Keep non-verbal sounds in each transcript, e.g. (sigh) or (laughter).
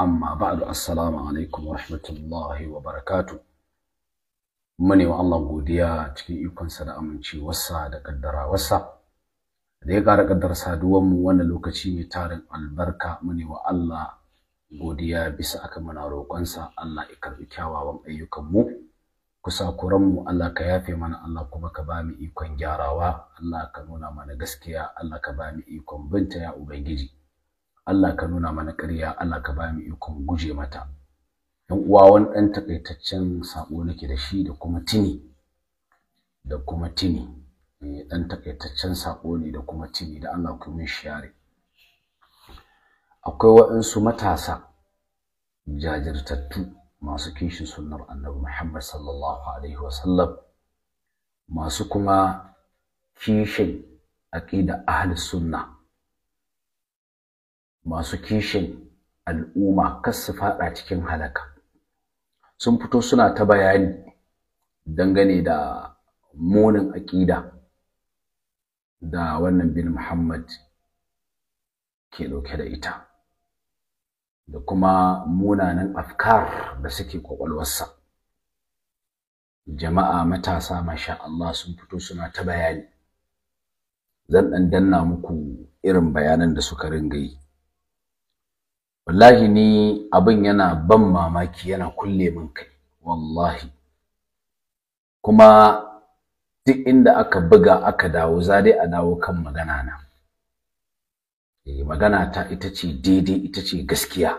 amma ba'du assalamu alaikum wa rahmatullahi wa barakatu mune wa Allah godiya cikin ikonsa da amincewarsa da ƙaddarawarsa. da ya ƙara kaddar saduwar mu wannan lokaci mai tarin albarka mune wa Allah godiya bisa aka muna roƙonsa Allah ya karbi kyawawan ayyukan mu kusakuran mu Allah ka yafe mana Allah kuma ka ba mu ikon gyarawa Allah ka nuna mana gaskiya Allah ka ba mu ikon binta ya ubangiji Allah ka nuna mana ƙarya Allah ka ba mu ikon guje mata dan uwa wani ɗan takaitaccen sako nake da shi da kuma tini da kuma tini eh, ɗan takaitaccen sako ne da kuma tini da Allah ku mun share akwai waɗansu matasa jajirtattu masu kishin sunnar annabi Muhammad sallallahu alaihi wasallam masu kuma kishin aqida ahli sunna masu kishin al'umma kas su faɗa cikin halaka sun fito suna ta bayani dangane da munin aƙida da wannan bin Muhammad ke ɗauke da ita da kuma munanan afkar da suke kwakwalwarsa jama'a matasa masha Allah sun fito suna ta bayani zan ɗan danna muku irin bayanan da suka ringa yi wallahi ni abin yana ban mamaki yana kulle min kai wallahi kuma duk inda aka buga aka dawo za dai a dawo kan magana na eh, magana ta ita ce daidai ita ce gaskiya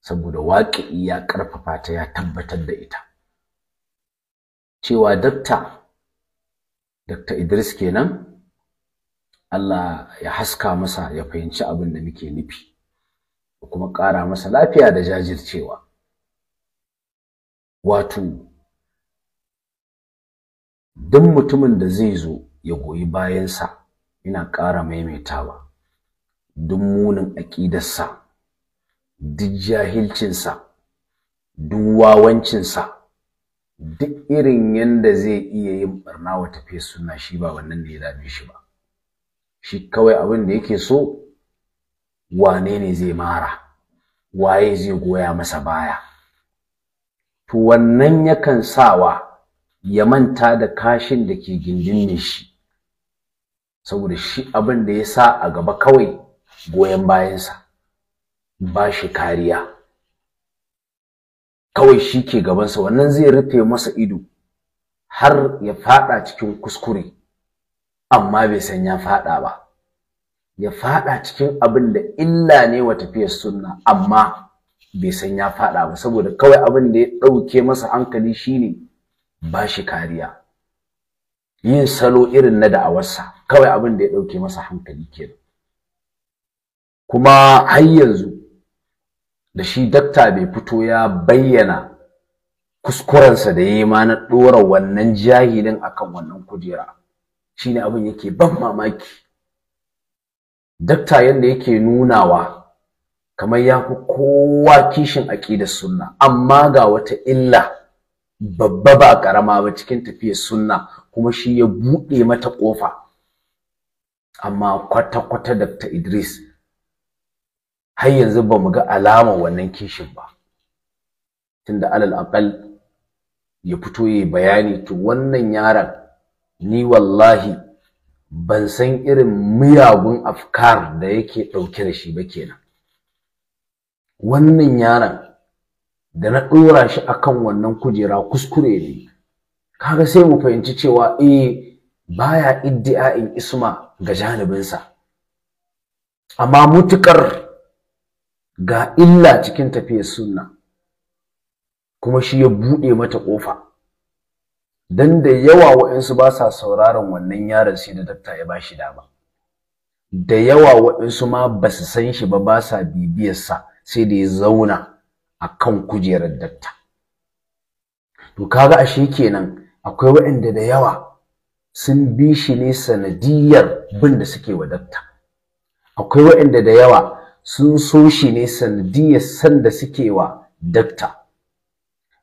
saboda waƙi ya ƙarfafa ta ya tabbatar da ita cewa dakta dakta idris kenan allah ya haska masa ya fahimci abin da muke nufi kuma ƙara masa lafiya da jajircewa wato duk mutumin da zai zo ya goyi bayansa ina ƙara maimaitawa duk munin aƙidarsa duk jahilcinsa duk wawancinsa duk irin yadda zai iya yin barna wa tafiya suna shi ba wannan da ya dame shi ba shi kawai abin da yake so wane ne zai mara waye zai goya masa baya to wannan yakan sawa ya manta da kashin da ke gindin shi saboda shi abin da ya sa a gaba kawai goyon bayansa ba shi kariya kawai shi ke gabansa wannan zai rufe masa ido har ya fada cikin kuskure amma bai san ya fada ba ya fada cikin abin da illa ne wa tafiyar sunna amma bai san ya fada ba saboda kawai abin da ya ɗauke masa hankali shine ba shi kariya yin salo irin na da'awarsa kawai abin da ya ɗauke masa hankali kenan kuma har yanzu da shi dakta bai fito ya bayyana kuskurensa da ya yi ma na ɗora wannan jahilin akan wannan kujera shine abin yake ban mamaki dakta yanda yake nunawa kamar ya fi kowa kishin aƙidar sunna amma ga wata illa babba ba ƙarama ba cikin tafiyar sunna kuma shi ya buɗe mata ƙofa amma kwata-kwata dakta Idris har yanzu ba mu ga alama wannan kishin ba tunda alal aqal ya fito yayi bayani to wannan yaron ni wallahi ban san irin miyagun afkar da yake ɗauke da shi ba kenan wannan yaron da na ɗora shi akan wannan kujera kuskure ne kaga sai mu fahimci cewa eh baya iddi'a'in isma ga janibinsa amma mutukar ga illa cikin tafiyar sunna kuma shi ya buɗe mata ƙofa dan da yawa waɗansu ba sa sauraron wannan yaron sai da dakta ya ba shi dama da yawa waɗansu ma ba su san shi ba ba sa bibiyarsa sai da ya zauna a kan kujerar dakta to kaga ashe kenan akwai waɗanda da yawa sun bi shi ne sanadiyar bin da suke wa dakta akwai waɗanda da yawa sun so shi ne sanadiyar san da suke wa dakta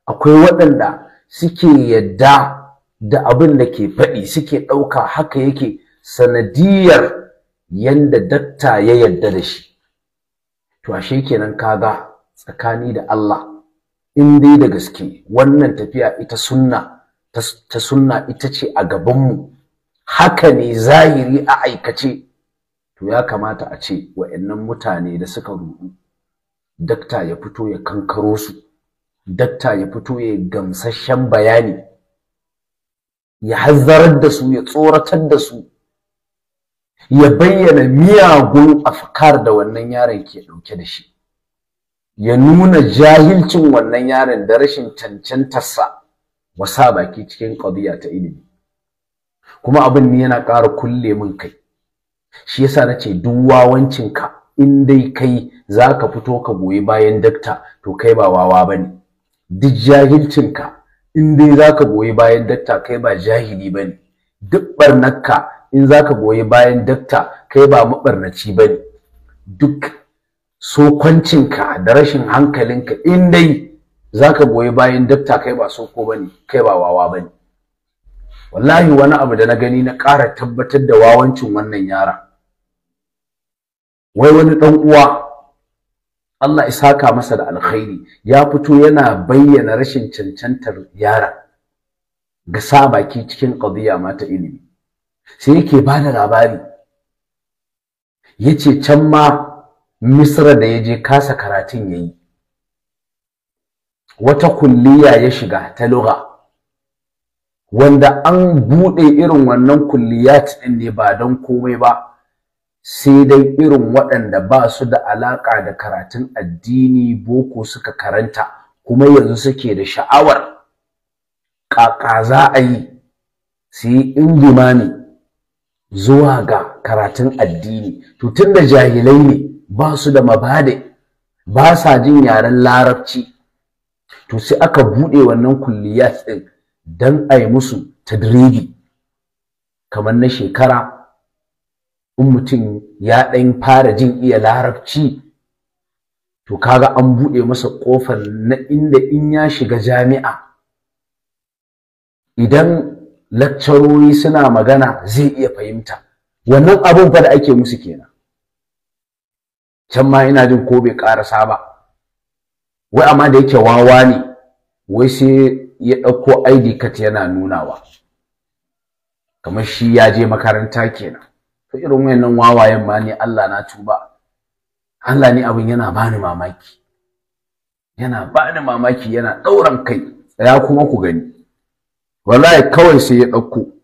akwai waɗanda suke yadda da abin da ke faɗi suke ɗauka haka yake sanadiyar yanda dakta ya yadda da shi to ashe kenan kaga tsakani da Allah in dai da gaske wannan tafiya ita sunna ta sunna ita ce a gabanmu haka ne zahiri a aikace to ya kamata a ce wa'annan mutane da suka ruɗu? dakta ya fito ya kankaro su datta ya fito ya gamsasshen bayani ya hazzarar da su ya tsoratar da su ya bayyana miyagun afkar da wannan yaron ke dauke da shi ya nuna jahilcin wannan yaron da rashin cancantarsa wasa baki cikin ƙabiya ta ilimi kuma abin ne yana ƙara kulle min kai shi yasa na ce duk wawancinka in dai kai za ka fito ka goyi bayan dakta to kai ba wawa ba ne duk jahilcinka in dai zaka goyi bayan dakta kai ba jahili bane ne duk barnakka in zaka goyi bayan dakta kai ba maɓarnaci ba ne duk sokwancinka da rashin hankalinka in dai za goyi bayan dakta kai ba soko ba kai ba wawa bane wallahi wani abu da na gani na ƙara tabbatar da wawancin wannan yara wai wani dan uwa Allah isaka masa da alkhairi ya fito yana bayyana rashin cancantar yara ga sa baki cikin qadiya ta ilimi sai yake bada da labari yace can ma Misra da ya je kasa karatun yayi wata kulliya ya shiga ta lugha wanda an buɗe irin wannan kulliyat ɗin ne ba don komai ba sai dai irin waɗanda ba su da alaƙa da karatun addini boko suka karanta kuma yanzu suke da sha'awar ƙaƙa za a yi su yi ne zuwa ga karatun addini to tunda jahilai ne ba su da mabade ba sa jin yaren larabci to sai aka buɗe wannan kulliyat ɗin don a yi musu tadribi kamar na shekara in mutum ya ɗan fara jin iya larabci to kaga an buɗe masa ƙofar na inda in ya shiga jami'a idan laccaroyi suna magana zai iya fahimta wannan abin fa da ake musu kenan can ma ina jin ko bai ƙarasa ba wai amma da yake wawa ne wai sai ya ɗauko ID card yana nunawa kamar shi ya je makaranta kenan to irin wayannan wawayen ma ne Allah na tuba Allah ne abin yana bani mamaki yana bani mamaki yana dauran kai tsaya kuma ku gani wallahi kawai sai ya ɗauko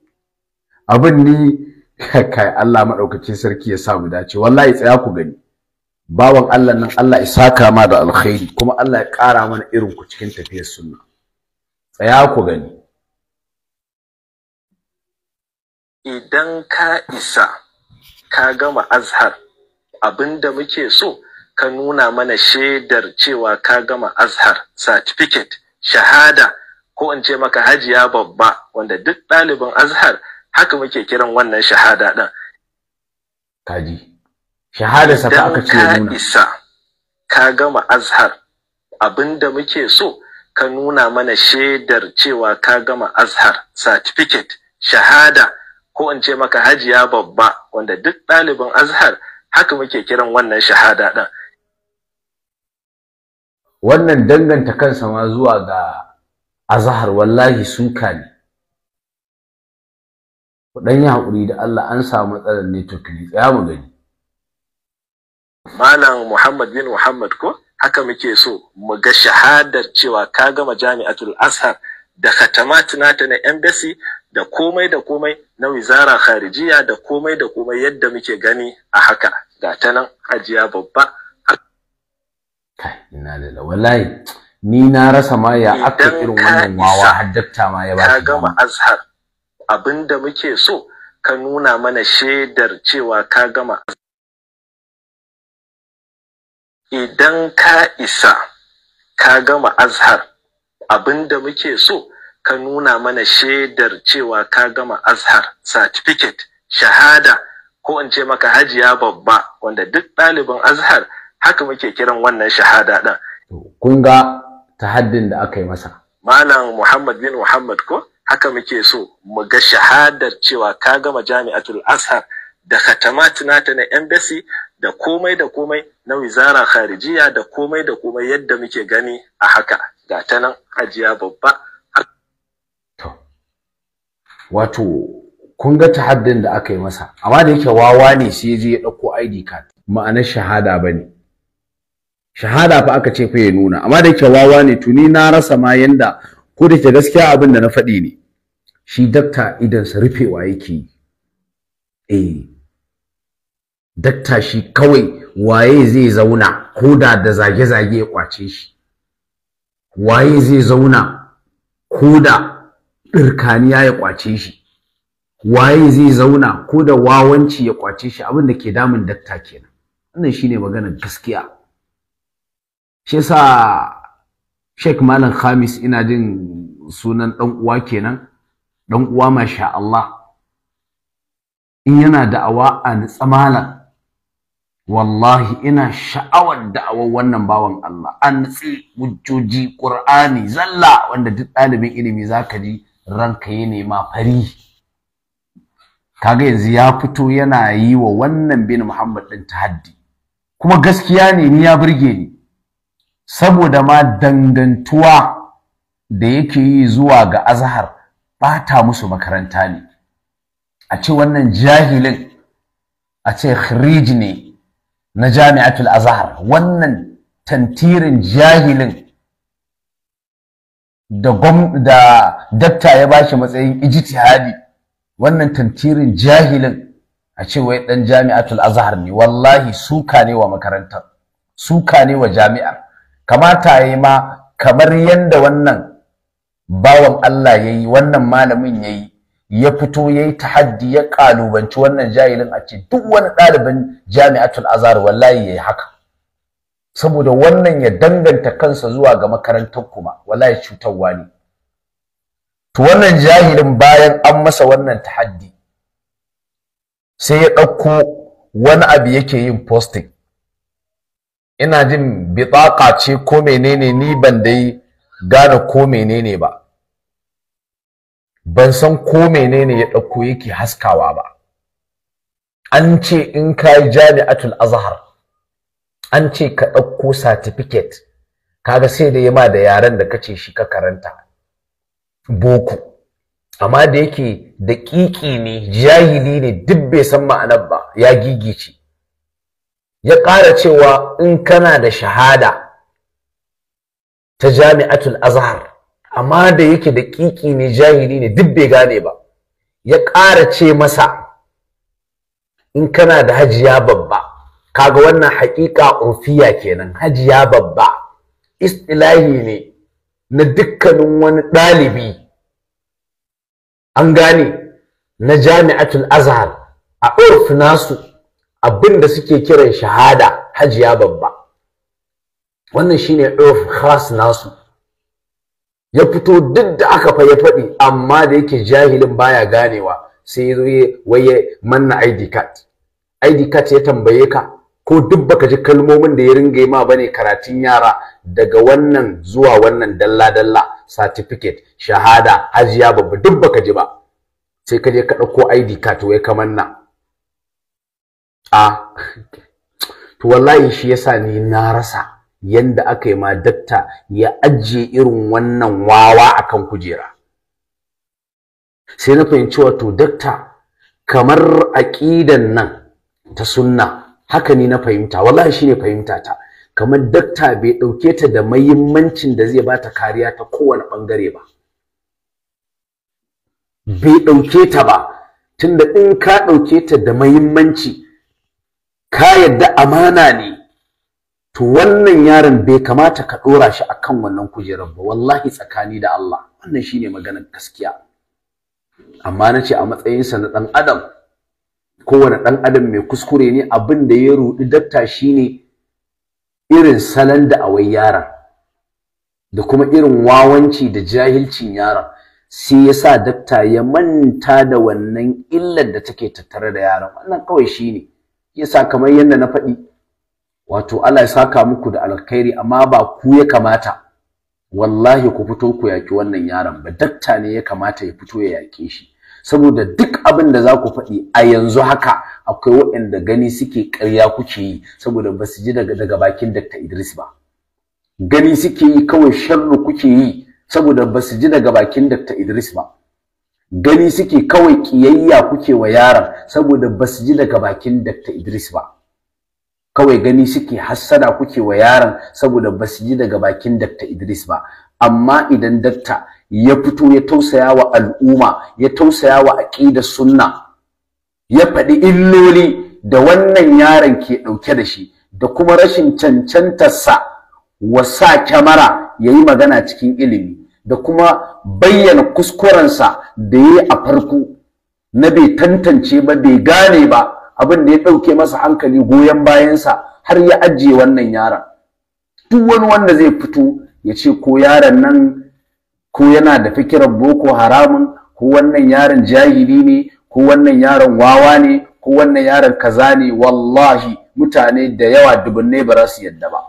abin ni (laughs) kai Allah madaukakin sarki ya sa mu dace wallahi tsaya ku gani bawan Allah nan Allah ya saka ma da alkhairi kuma Allah ya kara mana irin ku cikin tafiyar sunna tsaya ku gani idan ka isa ka gama azhar abin da muke so ka nuna mana shaidar cewa ka gama azhar certificate shahada ko in ce maka hajiya babba wanda duk ɗalibin azhar haka muke kiran wannan shahada ɗin. Kaji, shahada safa aka ce nuna. isa ka gama azhar abin da muke so ka nuna mana shaidar cewa ka gama azhar certificate shahada ko in ce maka hajiya babba wanda duk ɗalibin azhar haka muke kiran wannan shahada ɗin. Wannan danganta kansa ma zuwa ga azhar wallahi suka ne. ɗan yi haƙuri da Allah an samu matsalar ne ne tsaya mu gani. Malam Muhammad bin Muhammad ko haka muke so mu ga shahadar cewa ka gama jami'atul azhar da khatamat ta na embassy da komai da komai na wizara harijiya da komai da komai yadda muke gani a haka ga ta nan ajiya babba ina da wallahi ni na rasa ma ya aka irin wannan wawa haddatta ma ya ba ka gama azhar abinda muke so ka nuna mana shaidar cewa ka gama idan ka isa ka gama azhar abinda muke so ka nuna mana shaidar cewa ka gama azhar certificate shahada ko in ce maka hajiya babba wanda duk ɗalibin azhar haka muke kiran wannan shahada ɗin. kun ga tahaddin da aka yi masa malam muhammad bin muhammad ko haka muke so mu ga shahadar cewa ka gama jami'atul azhar da khatamat nata na embassy da komai da komai na wizara kharijiya da komai da komai yadda muke gani a haka ga ta nan hajiya babba wato kun ga tahaddin da aka yi masa amma da yake wawa ne sai je ya ɗauko ID card ma'anar shahada bane shahada fa aka ce fa ya nuna amma da yake wawa ne tuni na rasa ma yanda ko da ke gaskiya abin da na faɗi ne shi dakta idansa rufewa yake yi. eh dakta shi kawai waye zai zauna ko da da zage-zage ya kwace shi waye zai zauna ko da ɗirkaniya ya kwace shi waye zai zauna ko da wawanci ya kwace shi abin da ke damun datta kenan wannan shine maganar gaskiya shi yasa Sheikh Malam Khamis ina jin sunan dan uwa kenan dan uwa masha Allah in yana da'awa a nitsamalan wallahi ina sha'awar da'awar wannan bawan Allah an nitsi hujjoji Qur'ani zalla wanda duk ɗalibin ilimi zaka ji ranka ya nema fari kaga yanzu ya fito yana yi wa wannan bin Muhammad din haddi. kuma gaskiya ne ni ya burge ni saboda ma dangantuwa da yake yi zuwa ga azhar bata musu makaranta ne a ce wannan jahilin a ce khiriji ne na jami'atul azhar wannan tantirin jahilin da gwam da dakta ya bashi matsayin ijtihadi wannan tantirin jahilin a ce wai dan jami'atul azhar ne wallahi suka ne wa makarantar suka ne wa jami'ar kamata yayi ma kamar yanda wannan bawan Allah yayi wannan malamin yayi ya fito yayi tahaddi ya kalubanci wannan jahilin a ce duk wani daliban jami'atul azhar wallahi yayi haka saboda wannan ya danganta kansa zuwa ga makarantar kuma wallahi cutarwa ne to wannan jahilin bayan an masa wannan tahaddi sai ya ɗauko wani abu yake yin posting ina jin bitaƙa ce ko menene ni ban dai gane ko menene ba ban san ko menene ya ɗauko yake haskawa ba an ce in ka yi jami'atul azhar an ce ka ɗauko certificate kaga sai da yama da yaren da kace shi ka karanta boko amma da yake da kiki ne jahili ne duk bai san ma'anar ba ya gigice ya ƙara cewa in kana da shahada ta jami'atul azhar amma da yake da kiki ne jahili ne duk bai gane ba ya ƙara ce masa in kana da hajiya babba kaga wannan haƙiƙa ofiya kenan hajiya babba istilahi ne na dukkanin wani ɗalibi an gane na jami'atul azhar a urf nasu abinda suke kiran shahada hajiya babba wannan shine urf khas nasu ya fito duk da aka fa ya faɗi amma da yake jahilin baya ganewa sai ya zo ya manna ID card ID card ya tambaye ka ko duk baka ji kalmomin da ya ringa ma bane karatun yara daga wannan zuwa wannan dalla dalla certificate shahada hajiya babba duk baka ji ba sai ka je ka ɗauko ID card wai kaman nan a to wallahi shi yasa ni na rasa yanda aka yi ma datta ya ajiye irin wannan wawa akan kujera sai na fahimci wato datta kamar aƙidan nan ta sunna haka ne na fahimta wallahi shine fahimta ta kamar dakta bai dauke ta da muhimmancin da zai bata kariya ta kowane bangare ba bai dauke ta ba tunda in ka dauke ta da muhimmanci ka yadda amana ne to wannan yaron bai kamata ka dora shi akan wannan kujerar ba wallahi tsakani da Allah wannan shine maganar gaskiya amma nace a matsayinsa na dan adam kowane ɗan adam mai kuskure ne abin da ya ruɗi datta ne irin salon da awai yaran da kuma irin wawanci da jahilcin yaron sai ya sa datta ya manta da wannan illar da take tattare da yaron wannan kawai shi shine yasa kamar yadda na faɗi wato Allah ya saka muku da alkhairi amma ba ku ya kamata wallahi ku fito ku yaƙi wannan yaron ba datta ne ya kamata ya fito ya yaƙe shi saboda duk abin da za ku faɗi a yanzu haka akwai waɗanda gani suke ƙarya kuke yi saboda ba su ji daga bakin Dr. Idris ba gani suke yi kawai sharru kuke yi saboda ba su ji daga bakin Dr. Idris ba gani suke kawai ƙiyayya kuke wa yaron saboda ba su ji daga bakin Dr. Idris ba kawai gani suke hassada kuke wa yaron saboda ba su ji daga bakin Dr. Idris ba amma idan dakta ya fito ya tausaya wa al'umma ya tausaya wa aqidar sunna ya faɗi illoli da wannan yaron ke ɗauke da shi da kuma rashin cancantarsa wa sa kyamara ya yi magana cikin ilimi da kuma bayyana kuskurensa da ya yi a farko na bai tantance ba bai gane ba abin da ya ɗauke masa hankali goyon bayansa har ya ajiye wannan yaron duk wani wanda zai fito ya ce ko yaron nan ko yana da fikirar boko haramun ko wannan yaron jahili ne ko wannan yaron wawa ne ko wannan yaron kaza ne wallahi mutane da yawa dubunne ba za su yadda ba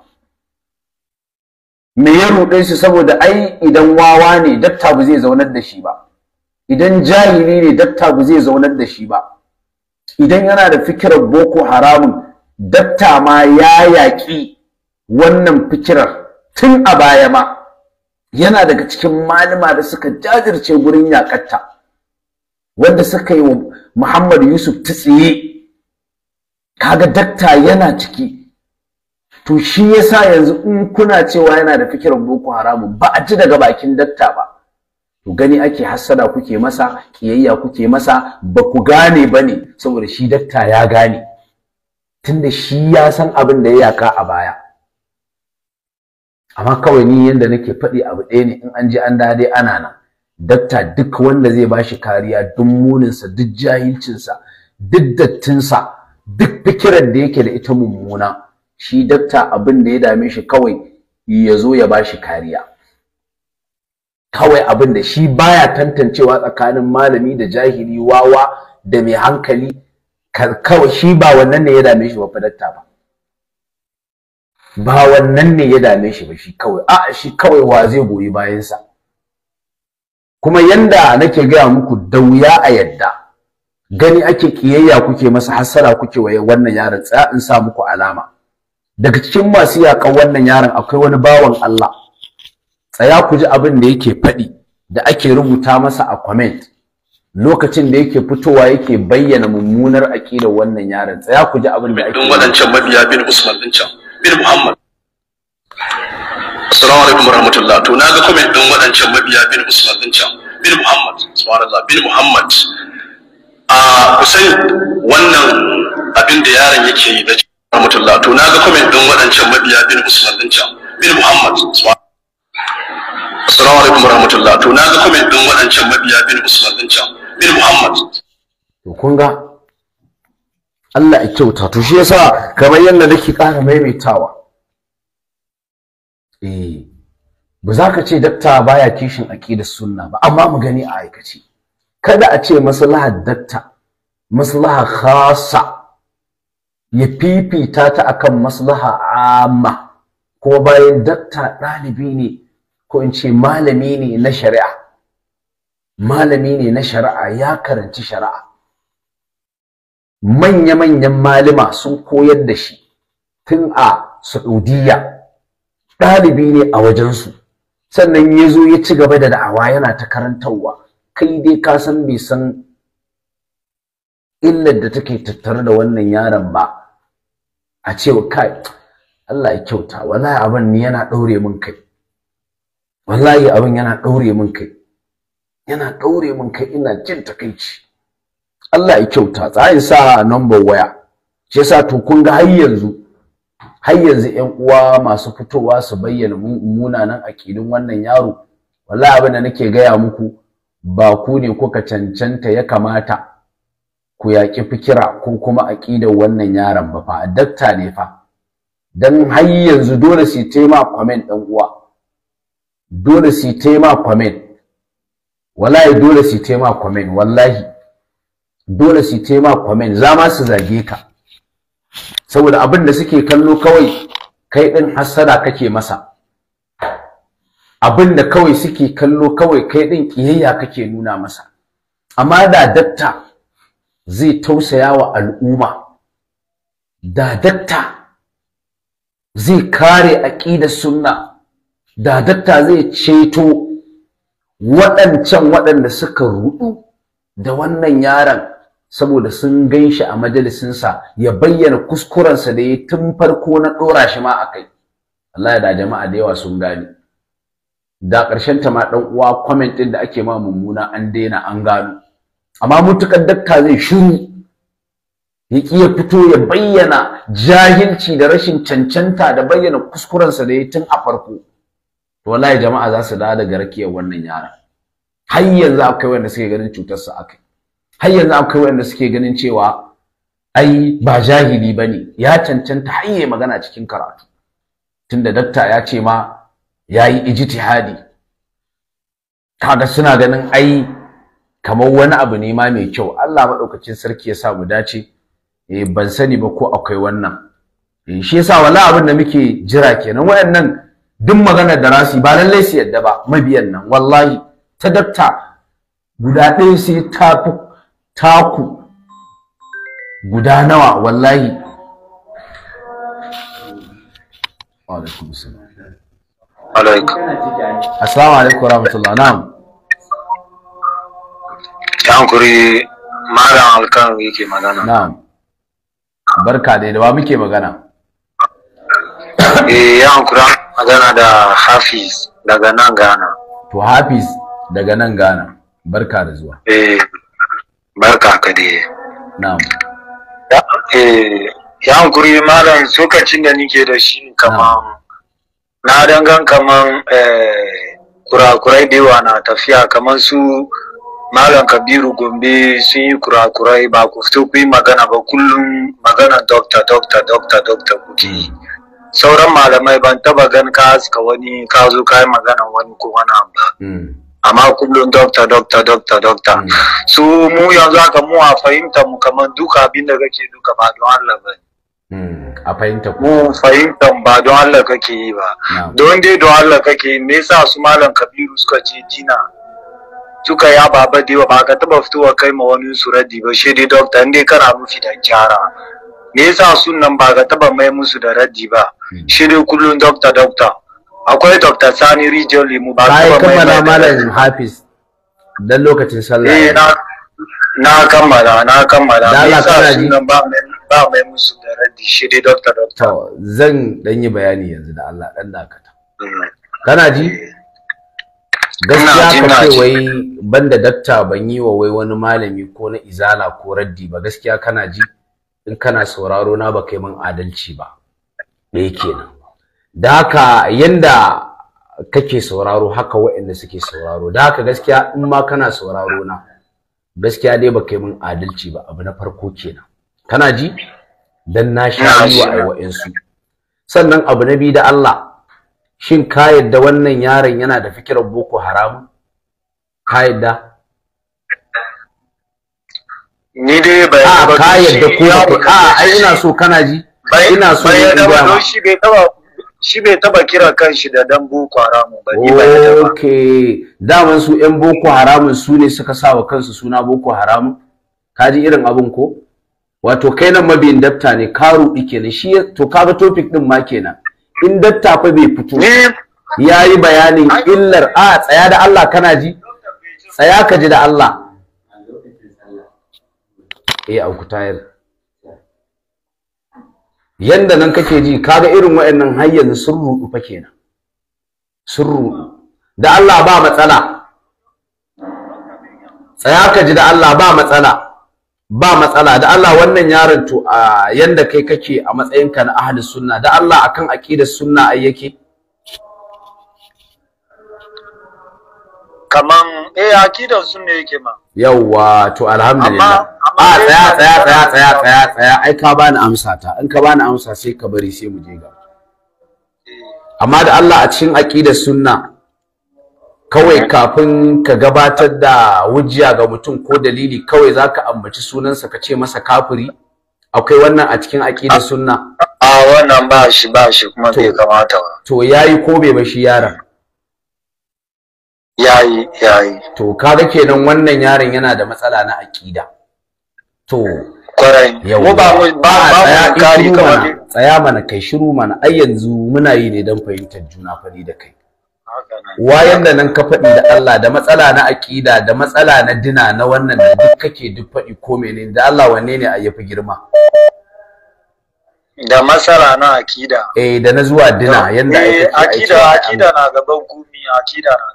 me ya ruɗe shi saboda ai idan wawa ne datta bu zai zaunar da shi ba idan jahili ne datta bu zai zaunar da shi ba idan yana da fikirar boko haramun datta ma ya yaƙi wannan fikirar tun a baya ma yana daga cikin malama da suka jajirce gurin yakatta wanda suka yi wa Muhammad Yusuf tsiye kaga dakta yana ciki to shi yasa yanzu in kuna cewa yana da fikirin boko haramu ba a ji daga bakin dakta ba to gani ake hassada kuke masa kiyayya kuke masa ba ku gane ba ne saboda shi dakta ya gane tunda shi ya san abin da ya yaka a baya amma kawai ni yanda nake faɗi abu ɗaya ne in an ji an dade ana nan dakta duk wanda zai ba shi kariya duk muninsa duk jahilcinsa duk dattinsa duk fikiran da yake da ita mummuna shi dakta abin da ya dame shi kawai ya zo ya bashi kariya kawai abin da shi baya tantancewa tsakanin malami da jahili wawa da mai hankali kawai shi ba wannan ne ya dame shi ba dakta ba ba wannan ne ya dame shi ba shi kawai a shi kawai wa zai goyi bayansa kuma yanda nake gaya muku da wuya a yadda gani ake kiyayya kuke masa hasara kuke waye wannan yaron tsaya in sa muku alama daga cikin masu yaƙan wannan yaron akwai wani bawan Allah tsaya ku ji abin da yake faɗi da ake rubuta masa a comment lokacin da yake fitowa yake bayyana mummunar aƙidar wannan yaron tsaya ku ji abin da ake wadancan mabiya bin Usman din can bin Muhammad Assalamu alaikum rahmatullah. to ga comment din waɗancan mabiya bin Usman din can bin Muhammad subhanallah bin Muhammad a ku sani wannan abin da yaron yake yi da rahmatullah to ga comment din waɗancan mabiya bin Usman din can bin Muhammad Assalamu alaikum rahmatullah. to ga comment din waɗancan mabiya bin Usman din can bin Muhammad to kun ga Allah ya kyauta to shi yasa kamar yadda nake ƙara maimaitawa eh ba za ka ce dakta baya kishin aqidar sunna ba amma mu gani a aikace kada a ce maslaha dakta maslaha khassa ya fifita ta akan maslaha amma ko bayan dakta ɗalibi ne ko in ce malami ne na shari'a malami ne na shari'a ya karanci shari'a manya-manyan malima sun koyar da shi tun a Saudiya ɗalibi ne a wajensu sannan ya zo ya ci gaba da da'awa yana ta karantarwa kai dai ka san bai san illar da take tattare da wannan yaron ba a ce kai Allah ya kyauta wallahi abin ni yana ɗaure min kai wallahi abin yana ɗaure min kai yana ɗaure min kai ina jin takaici Allah ya kyauta tsayin sa number waya shi yasa to kun ga har yanzu har yanzu ƴan uwa masu fitowa su bayyana munanan aƙidun wannan yaro wallahi abin da nake gaya muku ba ku ne kuka cancanta ya kamata ku yaƙi fikira ko kuma aƙidar wannan yaron ba fa dakta ne fa dan har yanzu dole su tema comment ɗan uwa dole su tema comment wallahi dole su tema comment wallahi dole su ce ma comment za ma su zage ka saboda abin da suke kallo kawai kai din hasada kake masa abin da kawai suke kallo kawai kai din kiyayya kake nuna masa amma da datta zai tausaya wa al'umma da datta zai kare aqidar sunna da datta zai ceto waɗancan waɗanda suka rudu da wannan yaron saboda sun gan shi a majalisinsa ya bayyana kuskurensa da ya tun farko na ɗora shi ma a kai Allah ya da jama'a da yawa sun gani da ƙarshen ta ma ɗan uwa comment ɗin da ake ma mummuna an daina an gano amma mutukar dakka zai shiru ya ya fito ya bayyana jahilci da rashin cancanta da bayyana kuskurensa da ya tun a farko to wallahi jama'a za su dawo daga rakiyar wannan yaran har yanzu akwai wanda suke ganin cutarsa akai har yanzu akwai wanda suke ganin cewa ai ba jahili bane ya cancanta hayye magana cikin karatu tunda dakta ya ce ma yayi ijtihadi kaga suna ganin ai kamar wani abu ne ma mai kyau Allah madaukakin sarki ya sa mu dace eh ban sani ba ko akwai wannan eh shi yasa wallahi abin da muke jira kenan wayannan duk magana da rasi ba lallai su yadda ba mabiyan nan wallahi ta dakta guda ɗaya sai ta fi taku guda nawa wallahi alaikum assalamu alaikum rahmatullah na'am yankuri mara alkan yake magana na'am barka da wa muke magana eh yankura magana da hafiz daga nan gana to hafiz daga nan gana barka da zuwa eh barka ka dai na'am eh, ya hankuri malam sokacin da nike da shi kaman na dangan kaman eh, kurakurai da yawa na tafiya kamar su malam kabiru gombe sun yi kurakurai ba ku fito ku yi magana ba kullum magana dokta dokta dokta dokta kuke yi mm. sauran malamai ban taba gan ka aska wani ka zo ka yi magana wani ko wani ba mm. amma kullum dokta dokta dokta dokta hmm. su mu yanzu aka mu a fahimta mu kamar duka abin da kake duka ba don Allah ba hmm. a fahimta mu fahimta ba don Allah kake yi ba don dai don Allah kake yi me yasa su malam Kabiru suka ce jina suka ya baba dewa ba ka taba fitowa kai ma wani suradi ba shi dai dokta in dai kana mu fitan kyara me yasa sunan ba ka taba mai musu da raddi ba hmm. shi dai kullum dokta dokta akwai dr sani region limu ba su kammala malam hafiz dan lokacin sallah eh na na kammala na kammala da Allah kana ji ba mai ba mai musu da radi shi dai dr dr zan dan yi bayani yanzu da Allah dan dakata mm. kana ji eh. gaskiya ka ce wai banda dakta ban yi wa wai wani malami ko na izala ko raddi ba gaskiya kana ji in kana sauraro na ba kai min adalci ba yake nan da haka yanda kake sauraro haka wa'inda suke sauraro da haka gaskiya in ma kana sauraro na gaskiya dai baka yi min adalci ba abu na farko kenan kana ji dan na sha ruwa ai wa'ansu sannan abu na biyu da Allah shin ka yadda wannan yaron yana da fikirar boko haram ka yadda ni dai ba ka yadda ko ba a ai ina so kana ji ina so ina so bai taba shi bai taba kira kanshi da dan boko haramu ba ni ba da okay su yan boko haramun su ne suka sa wa kansu suna boko haramun kaji irin abun ko wato kai nan mabiyin dafta ne ka ruɗi kenan shi to kaga topic din ma kenan in dafta fa bai fito ya yi bayanin illar a tsaya da Allah kana ji tsaya ka ji da Allah eh auku tayar yanda nan kake ji kaga irin waɗannan har yanzu sun rudu fa kenan sun rudu da Allah ba matsala tsaya ka ji da Allah ba matsala ba matsala da Allah wannan yaron to a yanda kai kake a matsayinka na ahli sunna da Allah akan aqidar sunna ai yake kaman eh aqidar sunna yake ma yawwa to alhamdulillah a ah, tsaya tsaya tsaya tsaya tsaya tsaya ai ka bani amsa ta in ka bani amsa sai ka bari sai mu je ga eh. amma da Allah a cikin aqidar sunna kawai eh. kafin ka gabatar da hujja ga mutum ko dalili kawai zaka ambaci sunansa ka ce masa kafiri akwai wannan a cikin aqidar sunna a ah, wannan ba shi ba shi kuma bai kamata ba to yayi ko bai ba shi yaran yayi yayi to ka kaga kenan wannan yaron yana da matsala na aƙida to kwarai mu ba mu ba ba kari kamar tsaya mana kai shiru mana ai yanzu muna yi ne don fahimtar juna fa da kai wayan da nan ka faɗi da Allah da matsala na aƙida da matsala na dina na wannan da duk kake duk faɗi ko menene da Allah wanne ne a yafi girma da matsala na aƙida eh da na zuwa dina yanda ake eh, aƙida na gaban ku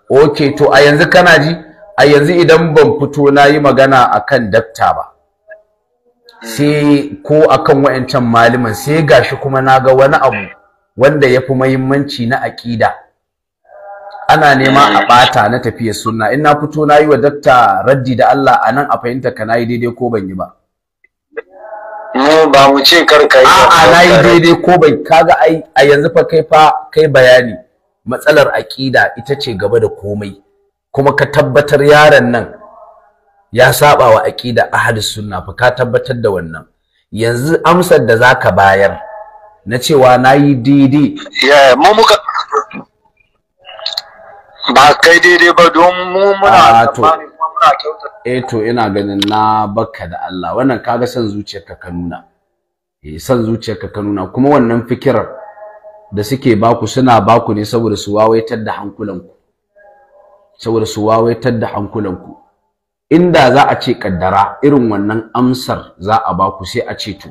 ok to a yanzu kana ji a yanzu idan ban fito na yi magana akan dakta ba sai ko akan wayancan malaman sai gashi kuma na ga wani abu wanda yafi fi mahimmanci na aƙida ana nema a ɓata na tafiya suna, ina fito na yi wa dakta raddi da Allah a nan a fahimta ka na yi daidai ko ban yi ba ba mu ce karka yi a'a na yi daidai ko ban kaga ai a yanzu fa fa kai bayani matsalar aƙida ita ce gaba da komai kuma ka tabbatar yaron nan ya saba wa aƙida ahlus sunna fa ka tabbatar da wannan yanzu amsar da zaka bayar na cewa nayi daidai ya mu muka ba kai daidai ba don mu muna ba ah, kuma muna kyautata eh to ina ganin na baka da Allah wannan kaga san zuciyarka ka nuna eh san zuciyarka ka nuna kuma wannan fikirar da suke baku suna baku ne saboda su wawaitar da hankulanku saboda su wawaitar da hankulanku inda za a ce kaddara irin wannan amsar za a baku sai a ce to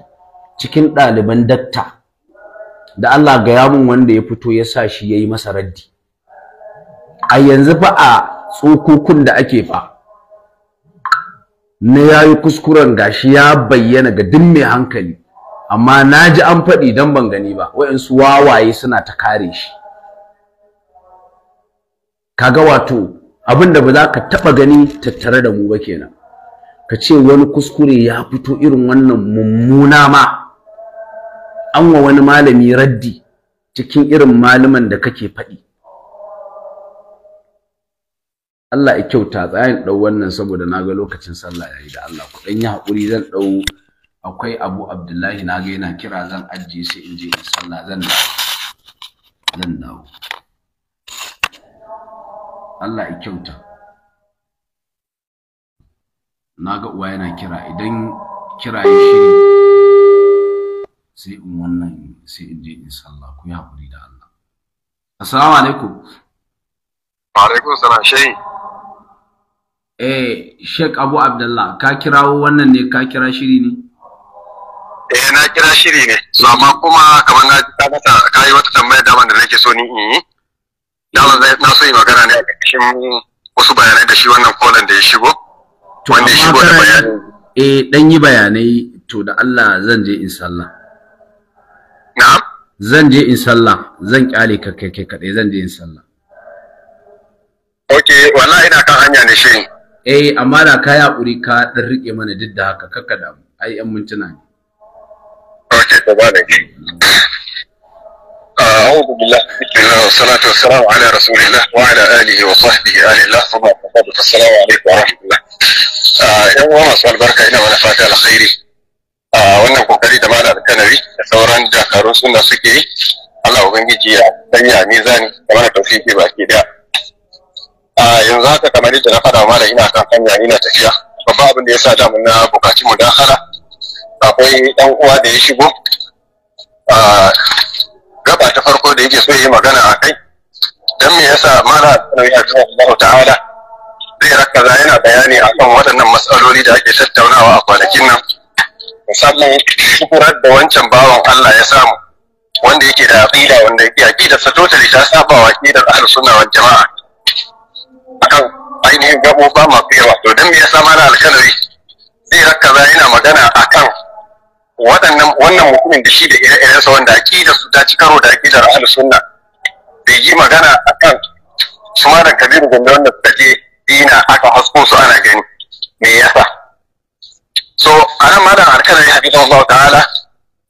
cikin ɗaliban datta da Allah gaya mun wanda ya fito ya sa shi ya yi masa raddi a yanzu fa a tsokokun da ake fa na yayi yi kuskuren gashi ya bayyana ga duk mai hankali amma na ji an faɗi don ban gani ba waɗansu wawaye suna ta kare shi kaga wato abin da ba za ka taɓa gani tattare da mu ba kenan ka ce wani kuskure ya fito irin wannan mummuna ma an wa wani malami raddi cikin irin malaman da kake faɗi Allah ya kyauta tsayin ɗau wannan saboda na ga lokacin sallah ya yi da Allah ku ɗan yi hakuri zan ɗau akwai abu abdullahi na ga yana kira zan ajiye sai in je sallah zan dawo zan dawo Allah ya kyauta na ga uwa yana kira idan kira ya shiri sai in wannan sai in je in sallah ku ya haƙuri da Allah assalamu alaikum wa alaikum salam shehi eh shek Abu Abdullah ka kirawo wannan ne ka kira shiri ne eh na kira shiri ne so amma kuma kamar na ta mata kai wata tambaya da wanda nake so ni in yi dama na so yi magana ne a cikin wasu bayanai da shi wannan kolan da ya shigo wanda ya shigo da bayanai eh dan yi bayanai to da Allah zan je in sallah na'am zan je in sallah zan kyale ka kai kai kadai zan je in sallah okay wallahi ina kan hanya ne shi eh amma da ka kuri ka dan rike mana duk da haka kakkada ai an mun mintuna ne gabanin أعوذ بالله والسلام على رسول الله وعلى آله وصحبه آل الله السلام عليكم ورحمة الله yan uwa masu albarka ina mana fata alkhairi wannan kokari da malam alkanawi da sauran dakarun suna suke yi Allah ubangiji ya sanya mizani da mana yanzu haka kamar yadda na faɗa malam ina kan hanya ni na tafiya babba abin da yasa da mun na bukaci mudahara akwai ɗan uwa da ya shigo a gaba ta farko da yake so yi magana a kai don me yasa mala nauyi a cikin Allah ta'ala zai rakaza yana bayani akan waɗannan matsaloli da ake tattaunawa a kwanakin nan musamman shukurar da wancan bawan Allah ya samu wanda yake da aƙida wanda yake aƙida sa total ta saba wa aqidar ahlus sunna wal jamaa akan ainihin gabo ba ma fiye to dan me yasa mala alkalari zai rakaza yana magana akan waɗannan wannan mutumin da shi da ire-irensa wanda da su ta ci karo da da ra'ayin sunna bai yi magana akan su ma da kabiru da wanda suka je dina aka hasko su ana gani me yasa so anan malam alkalari hadisi Allah ta'ala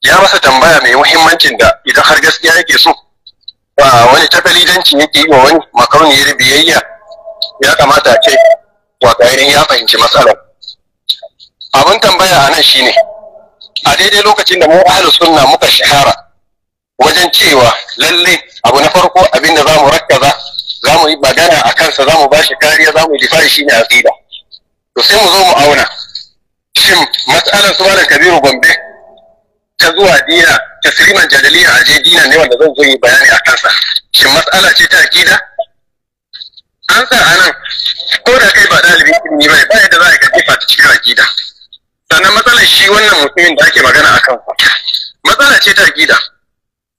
ya masa tambaya mai muhimmancin da idan har gaskiya yake so ba wani takalidanci yake yi wa wani makauniyar biyayya ya kamata a ce wa ainihin ya fahimci matsalar abin tambaya a nan shine ne a daidai lokacin da mu ahlus sunna muka shahara wajen cewa lalle abu na farko abinda za mu rakkaza za mu yi magana a kansa za mu bashi kariya za mu yi shi ne aqida to sai mu zo mu auna shin matsalar su malam kabiru gombe ta zuwa dina tasliman jadaliya a je dina ne wanda zan zo yi bayani a kansa shin matsala ce ta aqida an sa anan ko da kai ba dalibi ilimi ba bayan da za ka kafa ta cikin aqida sannan matsalar shi wannan mutumin da ake magana a kan matsala ce ta aƙida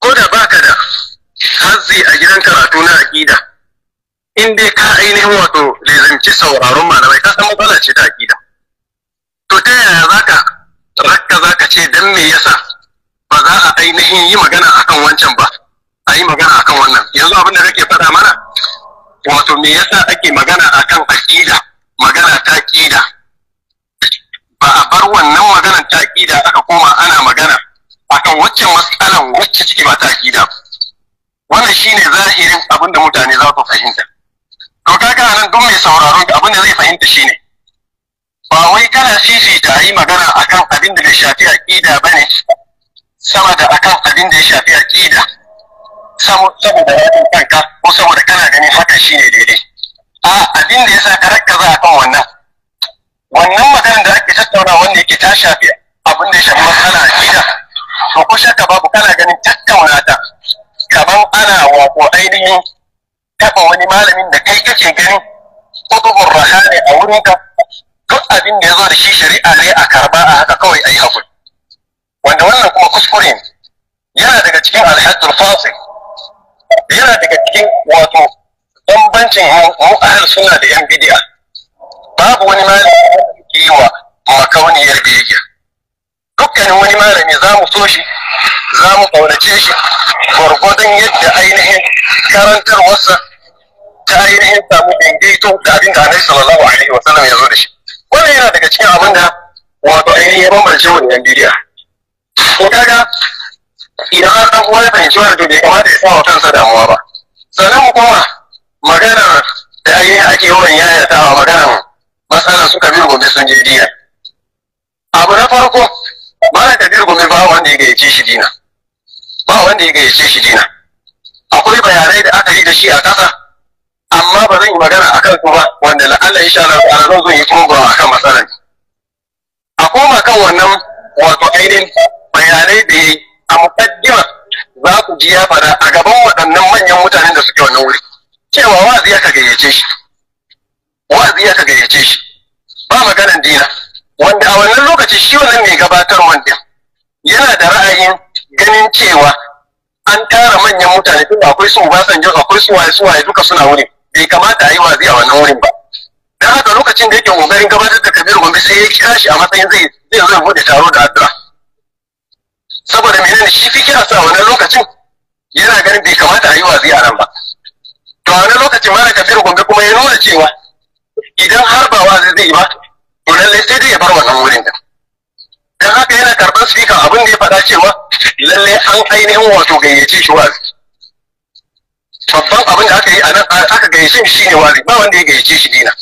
ko da baka da hazi a gidan karatu na aƙida in dai ka ainihin wato lezanci sauraron malamai ka san matsala ce ta aƙida to ta yaya zaka rakka zaka ce dan me yasa ba za a ainihin yi magana akan wancan ba a yi magana akan wannan yanzu abin da kake faɗa mana wato me yasa ake magana akan aƙida magana ta aƙida ba a bar wannan maganar ta aƙida aka koma ana magana akan wacce matsalan wacce ciki ba ta aƙida wannan shine zahirin abin da mutane za su fahimta to kaga nan duk mai sauraron abin da zai fahimta shine ba wai kana fifita yi magana akan abin da ya shafi aƙida bane sama da akan abin da ya shafi aƙida saboda ra'ayin kanka ko saboda kana ganin hakan shine daidai a abin da sa ka rakkaza akan wannan wannan maganar da ake tattauna wanda yake ta shafi abin da ya shafi matsala a gida to ko shaka babu kana ganin tattauna ta kamar ana wako ainihin taba wani malamin da kai kake ganin kutubun rahane a wurin ka. duk abin da ya zo da shi shari'a ne a karba a haka kawai ayi hakuri wanda wannan kuma kuskure yana daga cikin alhaddul fasil yana daga cikin wato bambancin mu ahal suna da yan bid'a babu wani malami da ke yi wa makauniyar biyayya dukkanin wani malami za mu so shi za mu ƙaunace shi gwargwadon yadda ainihin karantarwarsa ta ainihin samu daidaito da abin da annabi sallallahu alaihi wa sallam ya zo da shi wannan yana daga cikin abin da wato ainihin ya bambance wannan bidiya to kaga idan an san kowa ya fahimci wannan to bai kamata ya sawa kansa damuwa ba sannan mu koma magana da ainihin ake yawan yayatawa maganar matsalar suka kabir gobe sun je dina abu na farko mara kabir gobe ba wanda ya gayyace shi dina ba wanda ya gayyace shi dina akwai bayanai da aka yi da shi a ƙasa amma ba zan yi magana a kan ba wanda la'alla insha Allah ta'ala zan yi kuma a kan matsalar a koma kan wannan wato ainihin bayanai da ya yi a muƙaddima za ku ji ya fada a gaban waɗannan manyan mutanen da suke wannan wuri cewa wa zai ka gayyace shi wa'azi ya gayyace shi ba maganan dina wanda a wannan lokaci shi wannan mai gabatarwan din yana da ra'ayin ganin cewa an tara manyan mutane tun akwai su Obasanjo akwai su waye su waye duka suna wurin bai kamata a yi wazi a wannan wurin ba dan haka lokacin da yake kokarin gabatar da Kabiru Gombe sai ya kira shi a matsayin zai zai zo bude taro da addu'a saboda menene shi fi kira sa wannan lokacin yana ganin bai kamata a yi wazi a nan ba to a wannan lokacin mara Kabiru Gombe kuma ya nuna cewa idan har ba wazi zai ba to lallai sai dai ya bar wannan wurin da dan haka yana karɓar sika abin da ya faɗa cewa lallai an ainihin wato gayyace shi wazi babban abin da aka yi anan aka gayyace shi ne wazi ba wanda ya gayyace shi dina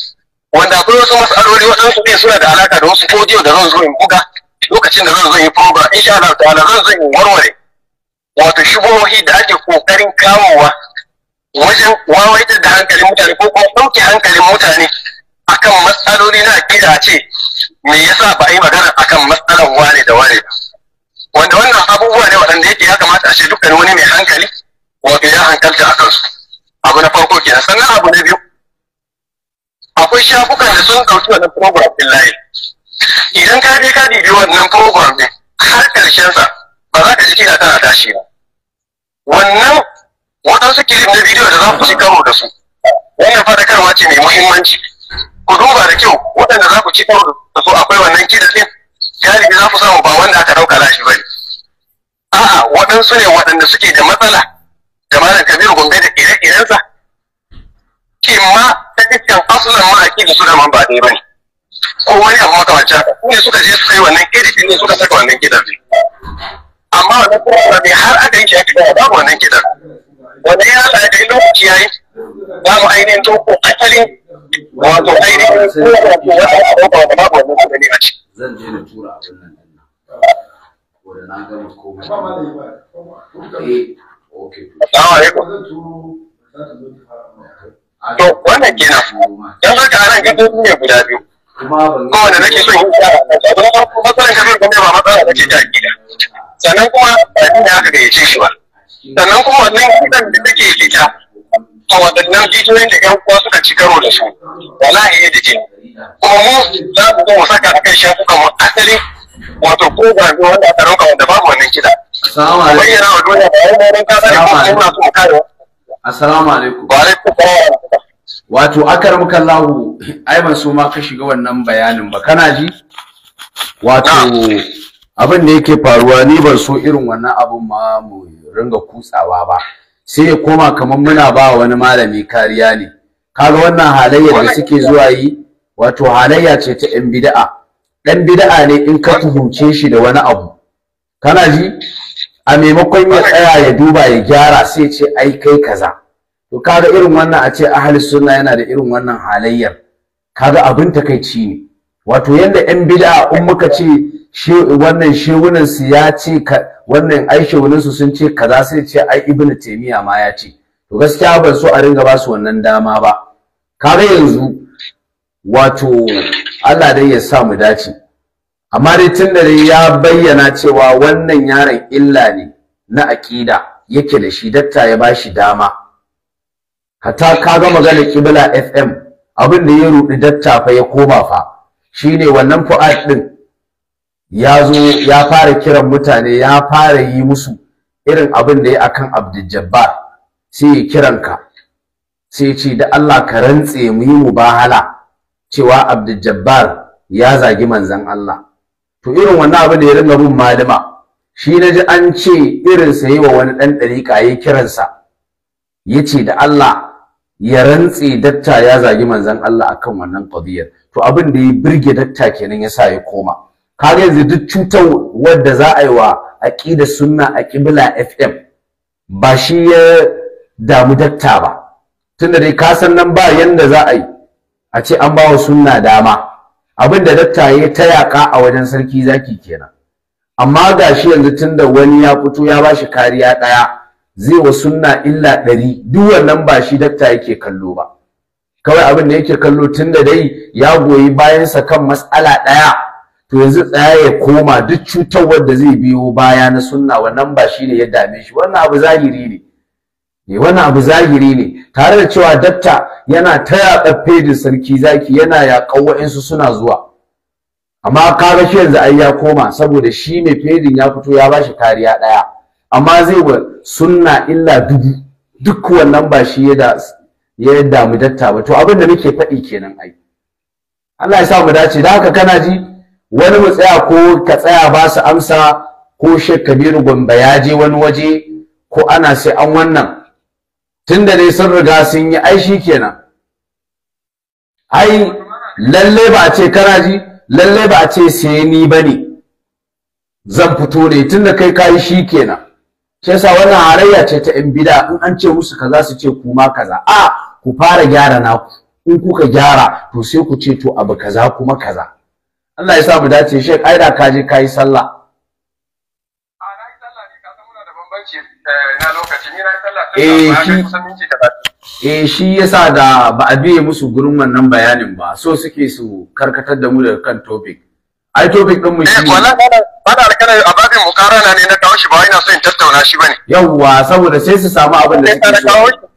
wanda akwai wasu mas'aloli waɗansu ne suna da alaka da wasu fodiyo da zan zo in buga lokacin da zan zo yi program insha Allah ta'ala zan zo in warware wato shubuhohi da ake kokarin kawowa wajen wawaitar da hankalin mutane ko kuma ɗauke hankalin mutane akan matsaloli na a ce me yasa ba a yi magana akan matsalar wane da wane wanda wannan abubuwa ne waɗanda yake ya kamata a ce dukkan wani mai hankali wato ya hankalta akan su abu na farko kenan sannan abu na biyu akwai shafukan da sun ɗauki wannan program ɗin layi idan ka je ka bibi wannan program ɗin har ƙarshen sa ba za ka ji kina tana tashi ba wannan waɗansu kilin na bidiyo da za ku ci karo da su wannan fadakarwa ce mai muhimmanci ku duba da kyau waɗanda za ku ci da su akwai wannan kidan din galibi za ku samu ba wanda aka ɗauka lashi ba ne a'a waɗansu ne waɗanda suke da matsala da malam kabiru gombe da ire-irensa shin ma ta iskan asulan ma a da su da man ba ɗaya ba ne ko wani abu makamancin haka ne suka je su kai wannan kidan ne suka saka wannan kidan amma wannan kuma har aka yi shi aka gaba babu wannan kidan Wanne ya sa ya kai lokaci ya yi babu ainihin tauko asalin wato ainihin koko ko a tura abin nan ɗin na eh, To wannan kenan. Don haka ana ga ne guda biyu. Kowane nake so yin gyara. Abin farko matsalar kafin gwamnati ba matsala da ce ta gida. Sannan kuma ba ni da aka gayyace shi ba. Sannan kuma wannan gidan da a waɗannan bidiyoyin da ƴan uwa suka ci karo da su wallahi editing kuma mu za mu zo saka a kan shafukan mu asali wato ko program ne wanda aka ɗauka wanda babu wannan kiɗa. Bayyana wa duniya ba wani wani kasa ne ba muna kare. Assalamu alaikum. Wa alaikum salam. Wato akar muka lahu ai ban so ma ka shiga wannan bayanin ba kana ji? Wato abin da yake faruwa ni ban so irin wannan abun ma mu ringa kutsawa ba. sai ya koma kamar muna ba wani malami kariya ne kaga wannan halayya da suke zuwa yi wato halayya ce ta yan bida'a. Ɗan bida'a ne in ka tuhumce shi da wani abu kana ji a maimakon ya tsaya ya duba ya gyara sai ce ai kai kaza to kaga irin wannan a ce ahli sunna yana da irin wannan halayyar kaga abin takaici ne wato yanda yan bida'a in muka ce wannan shewunan su ya ce wannan ai su sun ce kaza sai ce ai ibn taymiya ma ya ce to gaskiya ban so a ringa ba su wannan dama ba kaga yanzu wato Allah dai ya sa mu dace amma dai tun da dai ya bayyana cewa wannan yaron illa ne na aƙida yake da shi datta ya bashi dama hatta kaga magana kibla fm abin da ya rudi datta fa ya koma fa shine wannan fu'ad din ya zo ya fara kiran mutane ya fara yi musu irin abin da ya akan Abdul Jabbar sai ya kiran ka sai ce da Allah ka rantse mu yi mu bahala cewa Abdul ya zagi manzan Allah to irin wannan abin da ya ringa bin malama shi na ji an ce irin sa yi wa wani ɗan ɗariƙa ya kiransa ya ce da Allah ya rantse datta ya zagi manzan Allah akan wannan qadiyar to abin da ya birge datta kenan ya sa ya koma kaga yanzu duk cutar wanda za a yi wa aqida sunna a Kibla fm ba shi ya damu dakta ba tunda dai ka san nan ba yanda za a yi a ce an bawa sunna dama abin da dakta ya ta yaƙa a wajen sarki zaki kenan amma ga shi yanzu tunda wani ya fito ya ba shi kariya ɗaya zai wa sunna illa ɗari duk wannan ba shi dakta yake kallo ba kawai abin da yake kallo tunda dai ya goyi bayansa kan matsala ɗaya to yanzu tsaya ya koma duk cutar wanda zai biyo baya na sunna wannan ba shine ya dame shi wannan abu zahiri ne ne eh, wannan abu zahiri ne tare da cewa datta yana ta yaƙar fedin sarki zaki yana yaƙar su suna zuwa amma kaga shi yanzu ai ya koma saboda shi mai fedin ya fito ya bashi kariya ɗaya amma zai wa sunna illa dubu duk wannan ba shi ya damu datta ba to abin da nake faɗi kenan ai Allah ya sa mu dace da haka kana ji wani mu tsaya ko ka tsaya ba su amsa ko Sheikh Kabiru Gombe ya je wani waje ko ana sai an wannan tunda dai sun riga sun yi ai kenan. ai lalle ba a ce kana ji lalle ba a ce sai ni ba ne. zan fito ne tunda kai kai yi shi yasa wannan harayya ce ta yan bida in an ce musu kaza su ce kuma kaza a ku fara gyara naku in kuka gyara to sai ku ce to abu kaza kuma kaza Allah ya sa mu dace shek ai da ka je ka yi sallah eh shi yasa da ba a biye musu gurin wannan bayanin ba so suke su karkatar da mu daga kan topic ai topic din mu shi ne alkana a babin mukarana ne na kawo shi ba ina so in tattauna shi bane yawwa saboda sai su samu abin da suke so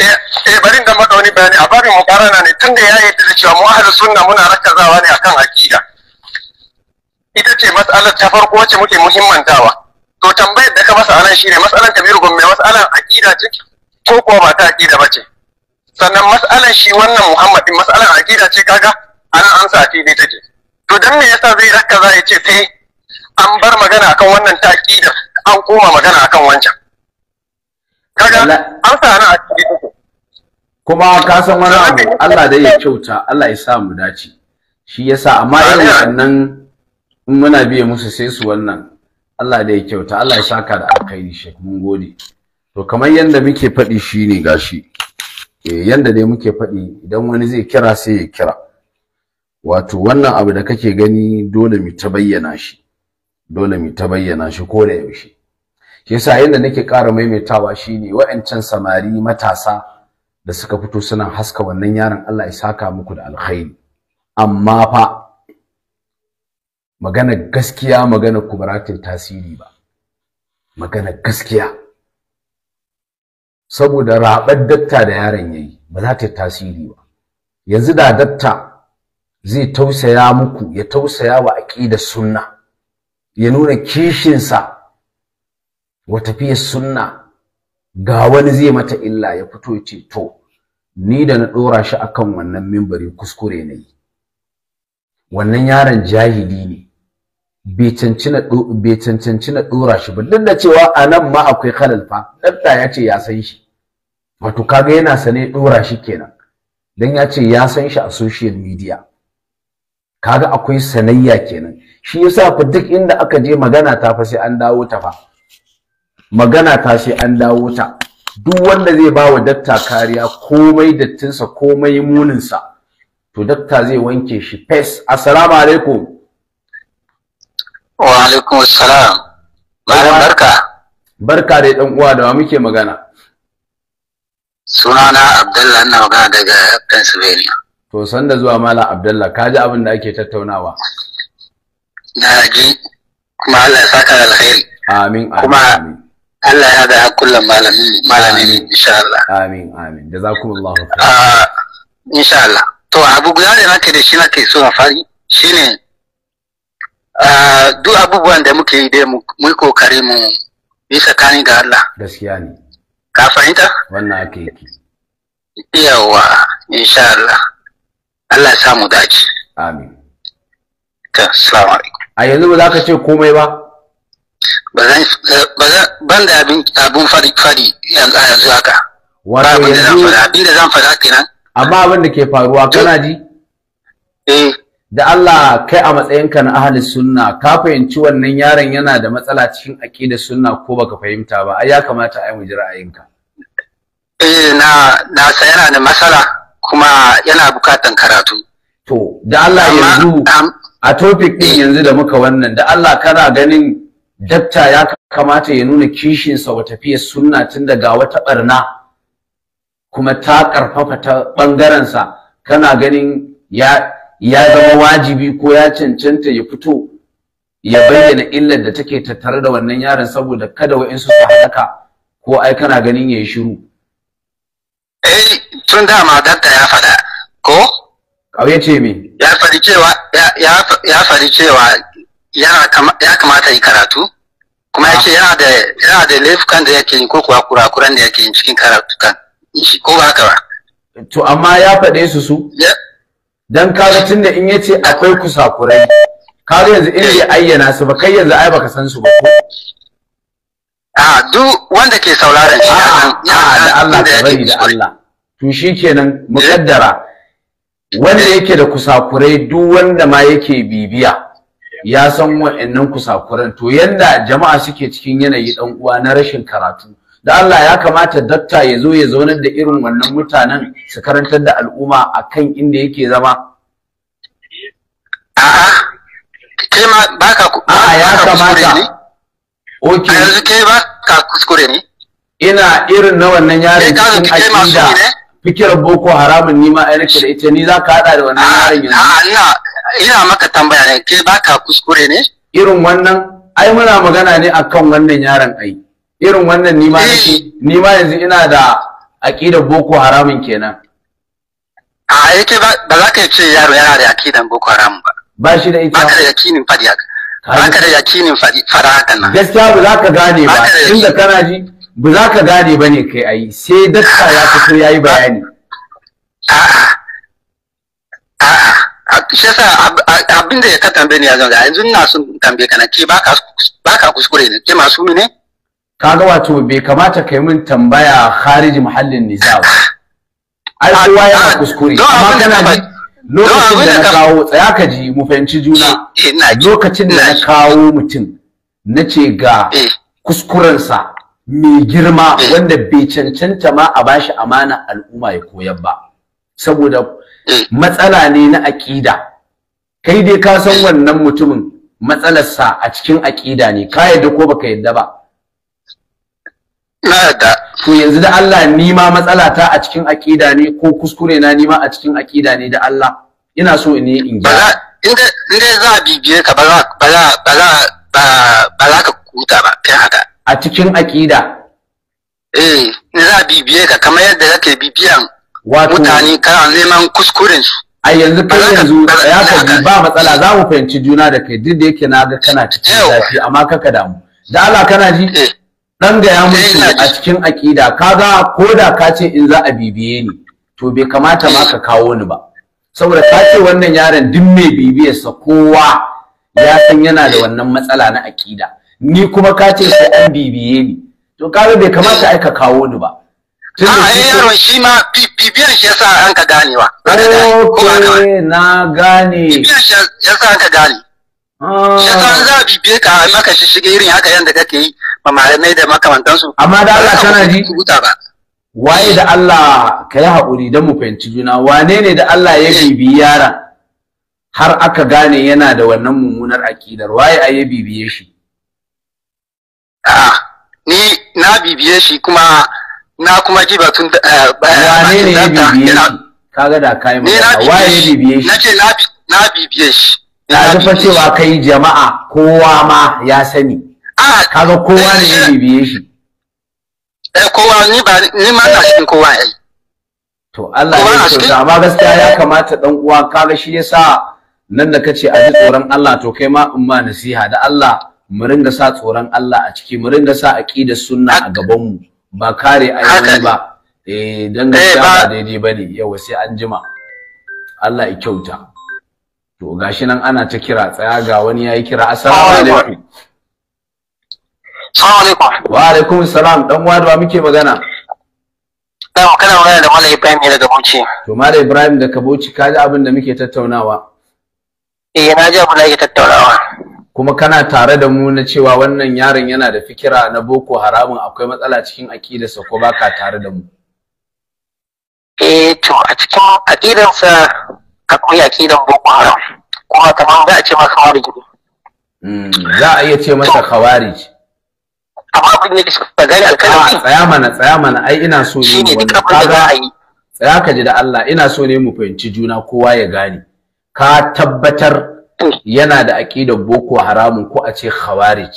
Eh, eh bari da maka wani bayani a babin mukarana ne tunda ya yarda da cewa mu ahlu sunna muna rakkazawa ne akan aqida ita ce mas'alar ta farko wacce muke muhimmantawa to tambayar da ka masa anan shine mas'alar kabiru gomme mas'alar aqida ce ko kuwa ba ta aqida ba ce sannan mas'alar shi wannan muhammad din mas'alar aqida ce kaga an amsa a fili take to dan me yasa zai rakkaza ya ce sai eh, an bar magana akan wannan ta aqida an koma magana akan wancan an sa a cikin kuma ka san wani abu Allah dai ya kyauta Allah ya sa mu dace shi yasa amma irin wannan in muna biye musu sai su wannan Allah dai ya kyauta Allah ya saka da alkhairi shek mun gode to kamar yanda muke faɗi ne gashi eh yanda dai muke faɗi idan wani zai kira sai ya kira wato wannan abu da kake gani dole mu ta bayyana shi dole mu ta bayyana shi ko da yaushe yasa yanda nake ƙara maimaitawa shine wa'ancan samari matasa da suka fito suna haska wannan yaron Allah ya saka muku da alkhairi amma fa magana gaskiya magana kubaratin tasiri ba magana gaskiya saboda raɓar datta da yaron yayi ba za ta tasiri ba yanzu da datta zai tausaya muku ya tausaya wa aqidar sunna ya nuna kishinsa wa sunna ga wani zai mata illa ya fito yace ce to ni da na ɗora shi akan wannan mimbari kuskure ne. wannan yaron jahili ne bai cancanci na ɗora shi ba duk da cewa a nan ma akwai khalal fa dadda ya ce ya san shi wato kaga yana sane ɗora shi kenan dan ya ce ya san shi a social media kaga akwai sanayya kenan shi yasa fa duk inda aka je magana ta fa sai an dawo ta fa magana ta sai an dawo ta duk wanda zai ba wa dakta kariya komai dattinsa komai muninsa to dakta zai wanke shi fes assalamu alaikum wa alaikum assalam malam barka barka dai dan uwa da muke magana sunana Abdullahi ina magana daga pennsylvania to sanda zuwa malam Abdullahi, ka ji abin da ake tattaunawa na ji kuma Allah ya saka alkhairi amin amin Allah ya da kullum malamin malamin insha Allah amin amin jazakumullahu ah insha Allah to abu guda ne nake da shi nake so na fari shine ah, duk abubuwan da muke yi dai mu yi kokari mu yi tsakani ga Allah gaskiya ne ka fahimta wannan ake yi yawa insha Allah Allah ya samu dace amin ta assalamu alaikum a yanzu ba za ka ce komai ba Eh, ban da abin fari yanzu haka zan faɗa, abin da zan faɗa kenan amma abin da ke faruwa kana ji eh. da Allah kai a matsayinka na ahli sunna ka fahimci wannan yaron yana da matsala cikin da sunna ko baka fahimta ba ai ya kamata ai mu ji ra'ayinka eh na na sa yana da matsala kuma yana bukatan karatu to da Allah yanzu a topic din eh. yanzu da muka wannan da Allah kana ganin dakta ya kamata ya nuna kishinsa wa tafiyar sunna tun daga wata barna kuma ta karfafa ta ɓangarensa kana ganin ya ya zama wajibi ko ya cancanta ya fito ya bayyana illar da take tattare da wannan yaron saboda kada wa'insu su halaka ko ai kana ganin ya yi shiru eh tun dama dakta ya fada ko kawai ce me ya faɗi cewa ya fadi cewa ya kamata yi karatu kuma yake ah. yana da yana da laifukan da yake yin ko kuwa kurakuran da yake yin cikin karatukan ko ba haka ba to amma ya faɗe su su dan kaga tunda in yace akwai kusakurai kaga yanzu in ya ayyana su ba kai yanzu ai baka san su ba ko a duk wanda ke sauraron shi ya ya da Allah ta bari da Allah to shikenan mukaddara wanda yake da kusakurai duk wanda ma yake bibiya ya san wa'annan kusakuran to yanda jama'a suke cikin yanayi dan uwa na rashin karatu da Allah ya kamata dakta ya zo ya zaunar da irin wannan mutanen su karantar da al'umma akan inda yake zama a'a kai ma baka a'a ya kamata okay yanzu kai baka kuskure ne ina irin na wannan yaron cikin akida fikirar boko haramun ni ma ai nake da ita ni za ka hada da wannan yaron yanzu a'a ina maka tambaya ne ke baka kuskure ne irin wannan ai muna magana ne akan wannan yaron ai irin wannan ni ma eh. ni ma yanzu ina da aqidar boko haramun kenan a yake ba za ka ce yaro yana da aqidan boko haram ba ba shi da ita ba ka da yakinin fadi haka ba ka da yakinin fada haka nan gaskiya ba za ka gane ba inda kana ji ba za ka gane ba ne kai ai sai dakta ya fito yayi bayani a'a shi yasa abin da ka tambaye ni ya zanga yanzu ina son tambaye kana ke baka kuskure ne ke masu ne kaga wato bai kamata kai min tambaya kharij muhallin nisa ba ai ah, kowa yana ah, kuskure amma kana ji lokacin da na kawo tsaya ka ji mu fahimci juna eh, eh, lokacin da na kawo mutum na ce ga eh. kuskurensa mai girma wanda bai cancanta ma a bashi amana al'umma ya koyar ba saboda matsala ne na aƙida kai dai ka san wannan mutumin sa a cikin aƙida ne ka yadda ko baka yadda ba na da to yanzu da Allah ni ma matsala ta a cikin aƙida ne ko kuskure na ni ma a cikin aƙida ne da Allah ina so in yi in gyara inda za a bibiye ka ba za ba za ba za ba za ka kuta ba kai haka a cikin aƙida eh in za a bibiye ka kamar yadda kake bibiyan mutane kana neman kuskuren su a yanzu kai yanzu ya ba matsala za mu fahimci juna da kai duk da yake na ga kana cikin zafi amma kaka damu da Allah kana ji dan eh. ga ya mutu eh, a cikin aƙida kaga koda ka ce in za a bibiye ni to bai kamata ma ka kawo ni ba saboda ka ce wannan yaron duk mai bibiyarsa kowa ya san yana da wannan matsala na aƙida ni kuma ka ce sai an bibiye ni to kaga bai kamata ai ka kawo ni ba Ah, eh, yaron shi ma bibiyan shi yasa an ka ganewa. Ok, na gane. Bibiyan shi yasa an ka gane. Ah. Shi yasa za a bibiye ka maka shi shige irin haka yadda kake yi ma malamai da makamantansu. Amma da Allah kana ji? Waye da Allah ka yi haƙuri don mu fahimci juna wane ne da Allah ya eh. bibiyi yaron har aka gane yana da wannan mummunar aƙidar waye a ya bibiye shi? Ah, ni na bibiye shi kuma na kuma ji tun da eh, eh, wane ne ya bibiye shi kaga da kai mu wane ya bibiye shi nace na na bibiye shi na zufa cewa kai jama'a kowa ma ya sani kaga kowa ne ya eh, bibiye shi eh kowa ni ba ni ma na cikin kowa ai to Allah ya kyauta amma gaskiya ya kamata dan uwa kaga shi yasa nan da kace a ji tsoron Allah to kai ma in ma nasiha da Allah mu ringa sa tsoron Allah a ciki mu ringa sa aqidar sunna a gaban mu ba kare ayoyi ba eh dan gaskiya eh, ba daidai bane yawa sai an jima Allah ya kyauta to gashi nan ana ta kira tsaya ga wani yayi kira assalamu alaikum assalamu alaikum wa alaikum assalam dan uwa da muke magana dan eh, kana magana da Malam Ibrahim ne daga Bauchi to Malam Ibrahim daga Bauchi kaji abin da muke tattaunawa eh na ji abin da yake tattaunawa kuma kana tare da mu na cewa wannan yaron yana da fikira na boko haramun akwai matsala cikin akidarsa ko ba ka tare da mu eh to a cikin aƙidarsa akwai aƙidar boko haram kuma kamar za a ce masa khawarij hmm, za a iya ce masa khawarij amma abin da gari alkalami tsaya mana tsaya mana ai ina so ne mu wannan tsaya ka ji da Allah ina so ne mu fahimci juna kowa ya gane ka tabbatar yana da aqidar boko haramun ko a ce khawarij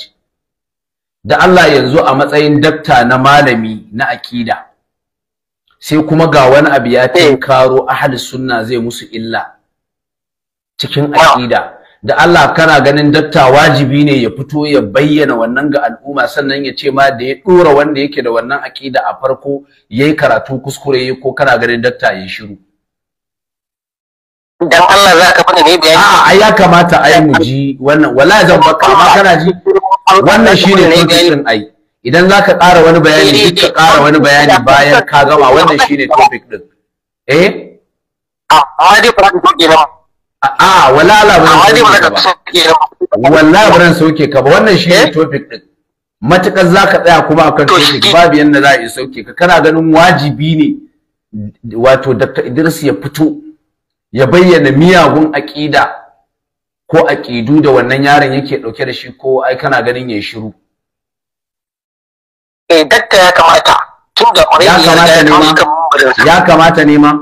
da Allah yanzu a matsayin dakta na malami na aqida sai kuma ga wani abu ya eh. tinkaro ahli sunna zai musu illa cikin aqida ah. da Allah kana ganin dakta wajibi ne ya fito ya bayyana wannan ga al'umma sannan ya ce ma da ya dora wanda yake da wannan aqida a farko yayi karatu kuskure ko kana ganin dakta ya shiru dan Allah za fada ne bayani a ai ya kamata ai mu ji wannan wallahi zan baka amma kana ji wannan shine topic din ai idan za ka ƙara wani bayani duk ka ƙara wani bayani bayan ka gama wannan shine topic din eh a dai ba ka soke ba a wallahi Allah ba zan soke ba wallahi ba zan soke ka ba wannan shine eh? topic din matukar za ka tsaya kuma akan topic babu yanda za a yi sauke ka kana ganin wajibi ne wato Dr. Idris ya fito ya bayyana miyagun aƙida ko aƙidu da wannan yaron yake ɗauke da shi ko ai kana ganin ya shiru eh dakta ya kamata tunda ya kamata ne ma ya kamata ne ma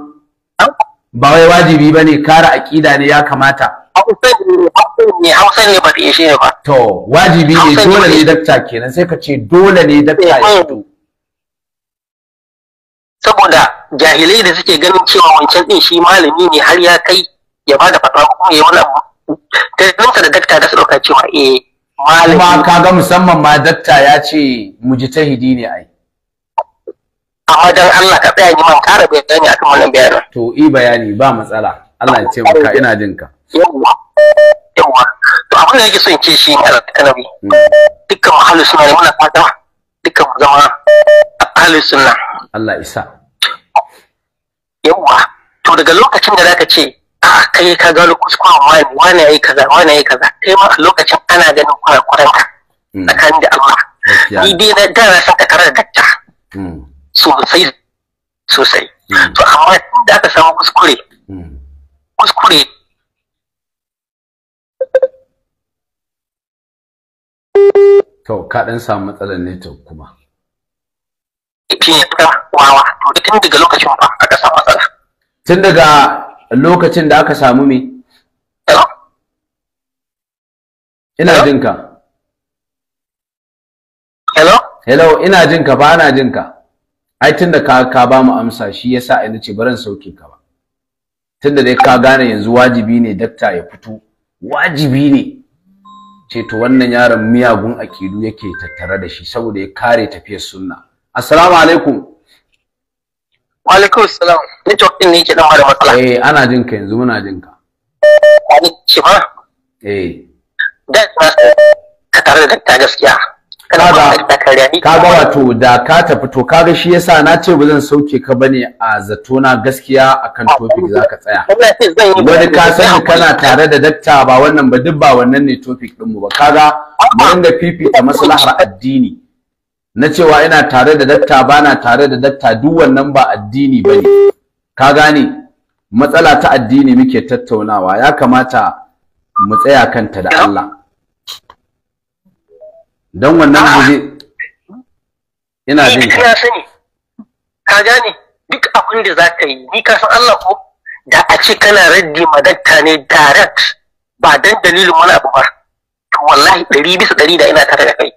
ba wai wajibi bane kare aƙida ne ya kamata hausa ne ba ta ishe ba to wajibi ne dole ne dakta kenan sai ka ce dole ne dakta ya shiru. Eh, eh. saboda jahilai da suke ganin cewa wancan din shi malami ne har ya kai ya bada fata kuma ya wani abu ta yi da dakta da su dauka cewa eh malami kuma ga musamman ma dakta ya ce mu ji mujtahidi ne ai amma dan Allah ka tsaya man ƙara bayani akan wannan bayanin to i bayani ba matsala Allah ya taimaka ina jin ka yawa to abin da yake son ce shi ne alƙalabi hmm. dukkan ahlus sunna muna fata dukkan zama ahlus sunna Allah isa yawwa to daga lokacin da zaka ce 'Ah, kai ka gano kuskuren wani wani yi kaza wani yi kaza kai ma a lokacin ana ganin kwarakwaran ka hmm. tsakanin da Allah ni dai na da na san ka tare da dakta sosai sosai hmm. to amma da aka samu kuskure hmm. kuskure to ka dan samu matsalar network kuma shi ya fitar wawa to tun daga lokacin fa aka samu matsala tun daga lokacin da aka samu me ina jin ka hello hello ina jin ka ba na jin ka ai tun da ka ka ba mu amsa shi yasa ai nace baran sauke ka ba tun da dai ka gane yanzu wajibi ne dakta ya fito wajibi ne ce to wannan yaron miyagun akidu yake tattare da shi saboda ya kare tafiyar sunna assalamu alaikum wa alaikum salam network din ne yake dan da matsala eh ana jin ka yanzu muna jin ka ki eh da ka tare da ta gaskiya ka ga wato da ka tafi to kaga shi yasa na ce ba zan sauke ka bane a zatona gaskiya akan topic zaka tsaya wani ka sani kana tare da dakta ba wannan ba duk ba wannan ne topic din mu ba kaga mu dinga fifita maslahar addini na cewa ina tare da datta bana tare da datta duk wannan ba addini bane ka gane matsala ta addini muke tattaunawa ya kamata mu tsaya kanta da Allah don wannan guje ina jin ka sani ka gane duk abin da za ka yi ni ka san Allah ko da a ce kana raddi datta ne direct ba dan dalilin wani abu ba to wallahi ɗari bisa ɗari da ina tare da kai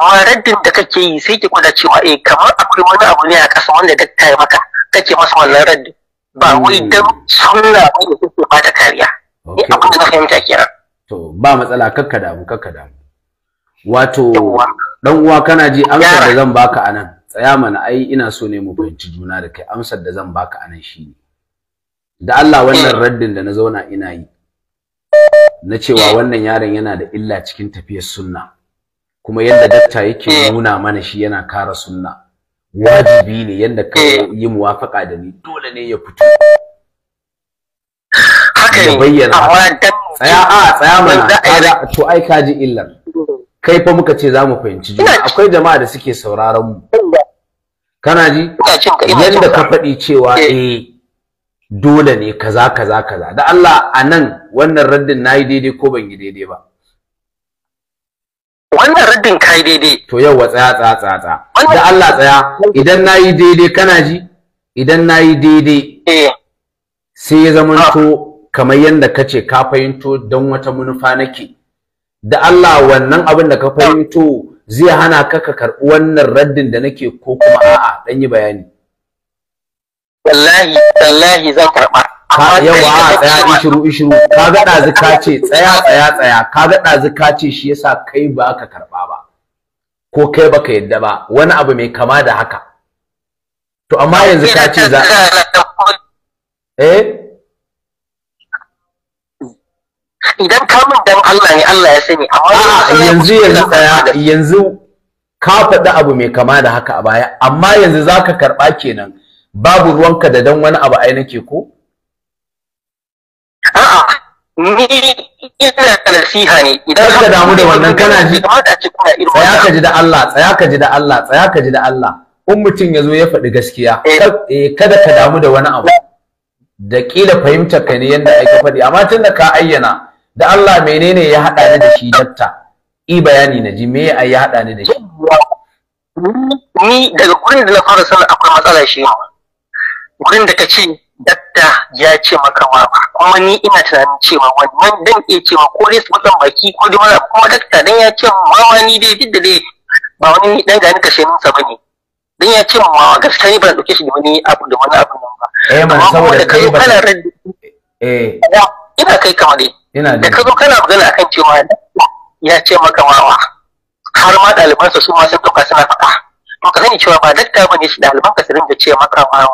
amma raddin da kake yi sai ki kula cewa eh kamar akwai wani abu ne a ƙasa wanda dakta ya maka kake masa wannan raddin ba hmm. wai dan sunna ba ne kake ba kariya ni eh, akwai da na fahimta kenan to ba matsala kakka damu kakka damu wato dan uwa kana ji amsar da zan baka anan tsaya mana ai ina so ne mu fahimci juna da kai amsar da zan baka anan shi da Allah wannan eh. raddin da na zauna ina yi na cewa wannan yaron yana da illa cikin tafiyar sunna kuma yadda dakta yake eh. nuna mana shi yana kara sunna wajibi ne yadda ka eh. yi muwafaka da ni dole ne ya fito haka ne bayyana tsaya a tsaya mana kada to ai ka ji illar kai fa muka ce zamu fahimci juna akwai jama'a da suke sauraron mu kana ji yadda ka faɗi cewa eh. eh dole ne kaza kaza kaza da Allah anan wannan raddin nayi daidai ko ban yi daidai ba wannan raddin kai daidai to yawa tsaya tsaya tsaya da Allah tsaya idan nayi daidai kana ji idan nayi daidai eh. sai ya zamanto ah. kamar yadda kace ka fahimto don wata manufa nake da Allah wannan abin da ka ah. fahimto zai hana ka ka karɓi wannan raddin da nake ko kuma a'a dan yi bayani wallahi wallahi zan karɓa ka yawa a tsaya ishiru ishiru ka ga ɗazu ka ce tsaya tsaya tsaya ka ga ɗazu ce shi yasa kai baka karba ba ko kai baka yadda ba wani abu mai kama da haka to amma yanzu ka ce za eh idan ka min dan Allah ne Allah ya sani amma yanzu yanzu tsaya yanzu ka faɗi abu mai kama da haka a baya amma yanzu zaka karɓa kenan babu ruwanka da dan wani abu ai nake ko ni ina nasiha ne idan ka damu da wannan kana ji tsaya ka ji da Allah tsaya ka ji da Allah tsaya ka ji da Allah in mutum ya zo ya faɗi gaskiya eh. Eh, kada ka damu da wani abu da ƙila fahimtar ka ne yadda ake faɗi amma tun da ka ayyana da Allah menene ya haɗa ni da shi datta i bayani na ji me ya haɗa ni da shi ni daga gurin da na fara sallah akwai matsala shi gurin da ka ce dakta ya ce maka ma kuma ni ina tunanin cewa wannan dan iya cewa ko dai su matsan baki ko dai mara kuma dakta dan ya ce ma ni dai duk da dai ba wani dan gani kashe ninsa ba ne dan ya ce ma gaskiya ni ba dauke shi da wani abu da wani abu nan ba eh man saboda kai kana raddi eh ina kai kamar dai ina da zo kana magana akan cewa ya ce maka ma har ma ɗalibansa su ma sun ɗauka suna faɗa to ka sani cewa ba dakta ba ne shi ka su rinka ce maka ma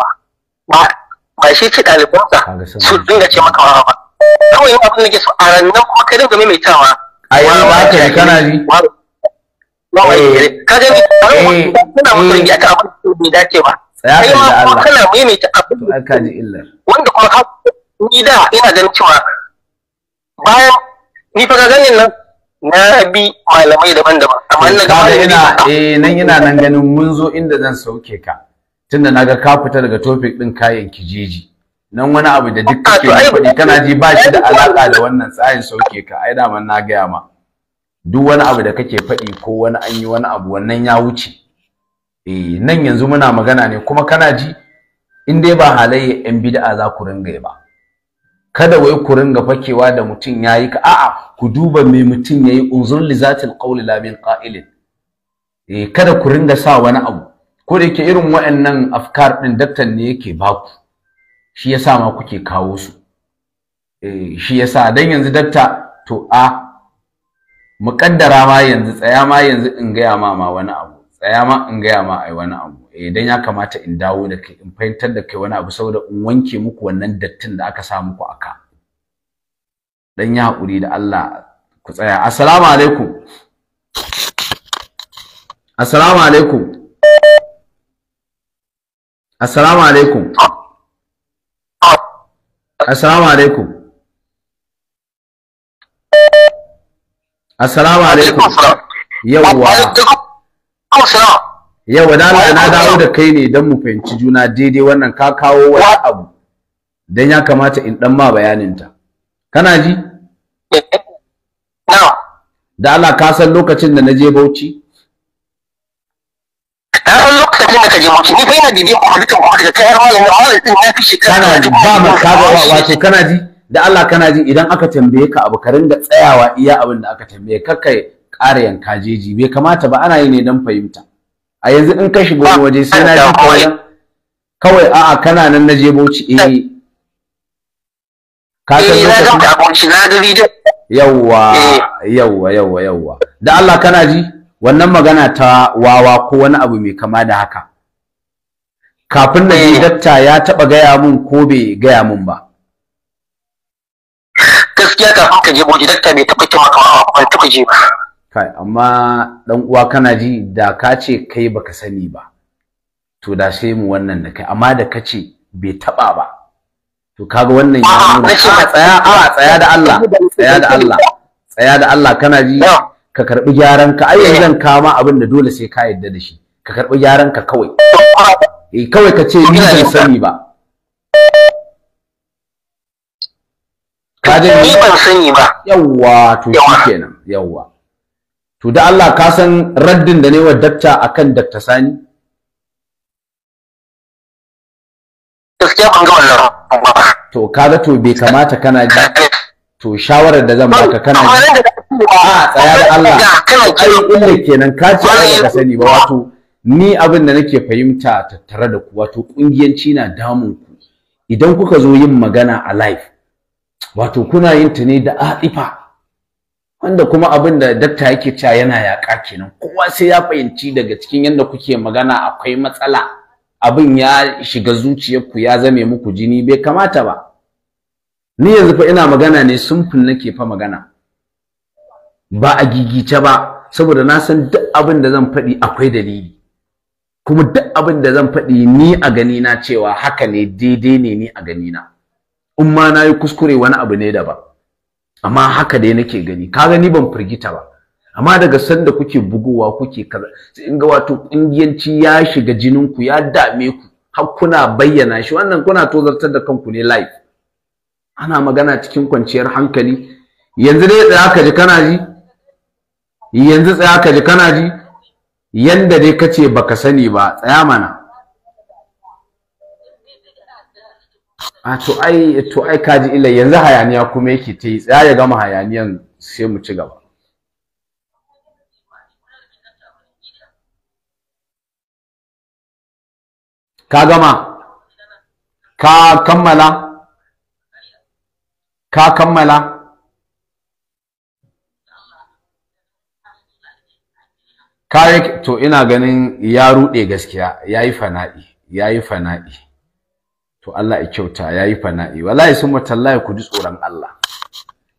ba ba shi ce ɗalibansa su dinga ce maka wawa ba kawai yin abin da ke so a rannan kuma ka dinga maimaitawa a yanzu ba ka yi kana ji eh. ka gani kuna musu ringi akan abin da bai dace ba kai ma kuma kana maimaita abin da wanda kuma ka ni da ina ganin cewa bayan ni fa ka ganin nan na bi malamai daban-daban amma ina ga eh, nan ina nan ganin mun zo inda zan sauke ka tunda naga ka fita daga topic din kayan kijeji nan wani abu da duk ah, kake faɗi kana ji ba shi da alaka da wannan tsayin sauke ka ai daman na gaya ma duk wani abu da kake faɗi ko wani an wani abu wannan ya wuce eh nan yanzu muna magana ne kuma kana ji in dai ba halayya yan bid'a za ku ringa ba kada wai ku ringa fakewa da mutum yayi ka a'a ku duba me mutum yayi unzul li zatil qawli la min qa'ilin eh kada ku ringa sa wani abu ko da yake irin waɗannan afkar ɗin daktan ne yake baku shi yasa ma kuke kawo su eh, shi yasa dan yanzu dakta to a muƙaddara ma yanzu tsaya ma yanzu in gaya ma ma wani abu tsaya ma in gaya ma ai wani abu eh dan ya kamata in dawo da kai in fahimtar da kai wani abu saboda in wanke muku wannan dattin da aka sa muku aka dan ya haƙuri da Allah ku tsaya assalamu alaikum assalamu alaikum Assalamu alaikum. Assalamu alaikum. Assalamu alaikum. Yawwa. Yawwa na Allah na dawo da kai ne don mu fahimci juna daidai wannan ka kawo wani abu. Dan ya kamata in dan ma bayanin ta. Kana ji? Da Allah ka san lokacin da na je Bauchi? abin da ka je ni fa ina dukan daga malam na malam din ya fi shekara kana ba ma wato kana ji da Allah kana ji idan aka tambaye ka abu ka tsayawa iya abin da aka tambaye ka kai ƙara yanka jeji bai kamata ba ana yi ne don fahimta a yanzu in ka shigo waje sai na ji kawai kawai a'a kana nan na je bauchi eh, eh ka san lokacin yawwa eh. yawwa yawwa yawwa da Allah kana ji wannan magana ta wawa ko wani abu mai kama da haka kafin na ji eh. dakta ya taɓa gaya mun ko bai gaya mun ba gaskiya kafin ka je boji dakta bai taɓa kima kama ba ban taɓa je kai amma dan uwa kana ji da ka ce kai baka sani ba to da sai mu wannan da kai amma da ka ce bai taɓa ba to kaga wannan ya nuna tsaya a tsaya da Allah tsaya da Allah tsaya da Allah kana ji ka karbi gyaran ka ai yanzu zan kama abin da dole sai ka yadda da shi ka karbi gyaran ka kawai eh kawai ka ce ni ban sani ba ka ni ban sani ba yawa to kenan yawa to da Allah ka san raddin da ne wa dakta akan dakta Sani gaskiya ban ga wannan to kaga to bai kamata kana ji eh, to shawarar da zan baka kana a ah, tsaya da Allah kai illa kenan ka ce ka sani ba wato ni abin da nake fahimta tattare da ku wato kungiyanci na damun ku idan kuka zo yin magana a live wato kuna yin ta ne da atifa wanda kuma abin da dakta yake cewa yana yaƙa kenan kowa sai ya fahimci daga cikin yadda kuke magana akwai matsala abin ya shiga zuciyarku ya zame muku jini bai kamata ba ni yanzu fa ina magana ne simple nake fa magana ba a gigice ba saboda na san duk abin da zan faɗi akwai dalili kuma duk abin da zan faɗi ni a gani na cewa haka ne daidai ne ni a gani na in ma na yi kuskure wani abu ne da ba amma haka dai nake gani ka gani ban firgita ba amma daga sanda kuke bugowa kuke kaza sai in ga wato kungiyanci ya shiga jinin ku ya dame ku har kuna bayyana shi wannan kuna tozartar da kanku ne live ana magana cikin kwanciyar hankali yanzu dai tsaya ka ji kana ji yanzu tsaya ka ji kana ji yanda dai kace baka sani ba tsaya mana a to ai to ai ji illa yanzu hayaniya kuma yake ta yi tsaya ya gama hayaniyan sai mu ci gaba ka gama ka kammala ka kammala kare to ina ganin ya ruɗe gaskiya ya yi fana'i ya yi fana'i to Allah ya kyauta ya yi fana'i wallahi sun watallahi ku ji tsoron Allah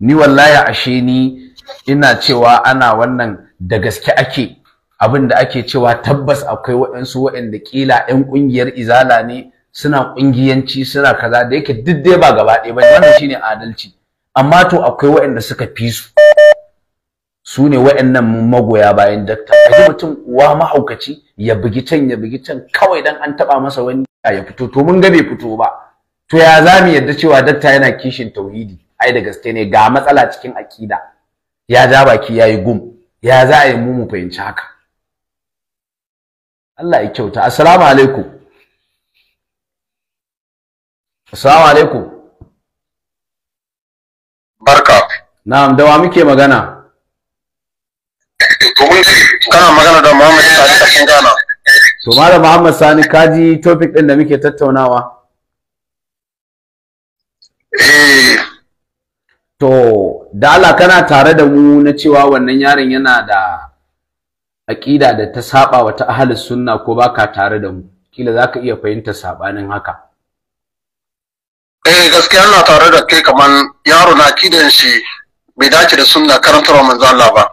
ni wallahi ashe ni ina cewa ana wannan da gaske ake abin da ake cewa tabbas akwai waɗansu waɗanda ƙila 'yan ƙungiyar izala ne suna kungiyanci suna kaza da yake duk dai ba gaba ɗaya ba wannan shine adalci amma to akwai waɗanda suka fi su su ne waɗannan magoya bayan dakta ji mutum uwa mahaukaci ya bugi can ya bugi can kawai dan an taba masa wani ya fito to mun ga bai fito ba to ya za mu yadda cewa dakta yana kishin tauhidi ai da gaske ne ga matsala cikin aƙida. ya ja baki yayi gum ya za a yi mu mu fahimci haka Allah ya kyauta assalamu alaikum Assalamu alaikum. Barka. Na'am, da wa muke magana? Kana magana da Muhammad Sani kashin Ghana. To Malam Muhammad Sani kaji topic din da muke tattaunawa. Eh. To, da Allah kana tare da mu na cewa wannan yaron yana da aƙida da ta saba wa ta ahalus sunna ko baka tare da mu. Kila zaka iya fahimta sabanin haka. eh gaskiya Allah tare da kai kaman yaro na kidan shi bai dace da sunna karantarwa manzo Allah ba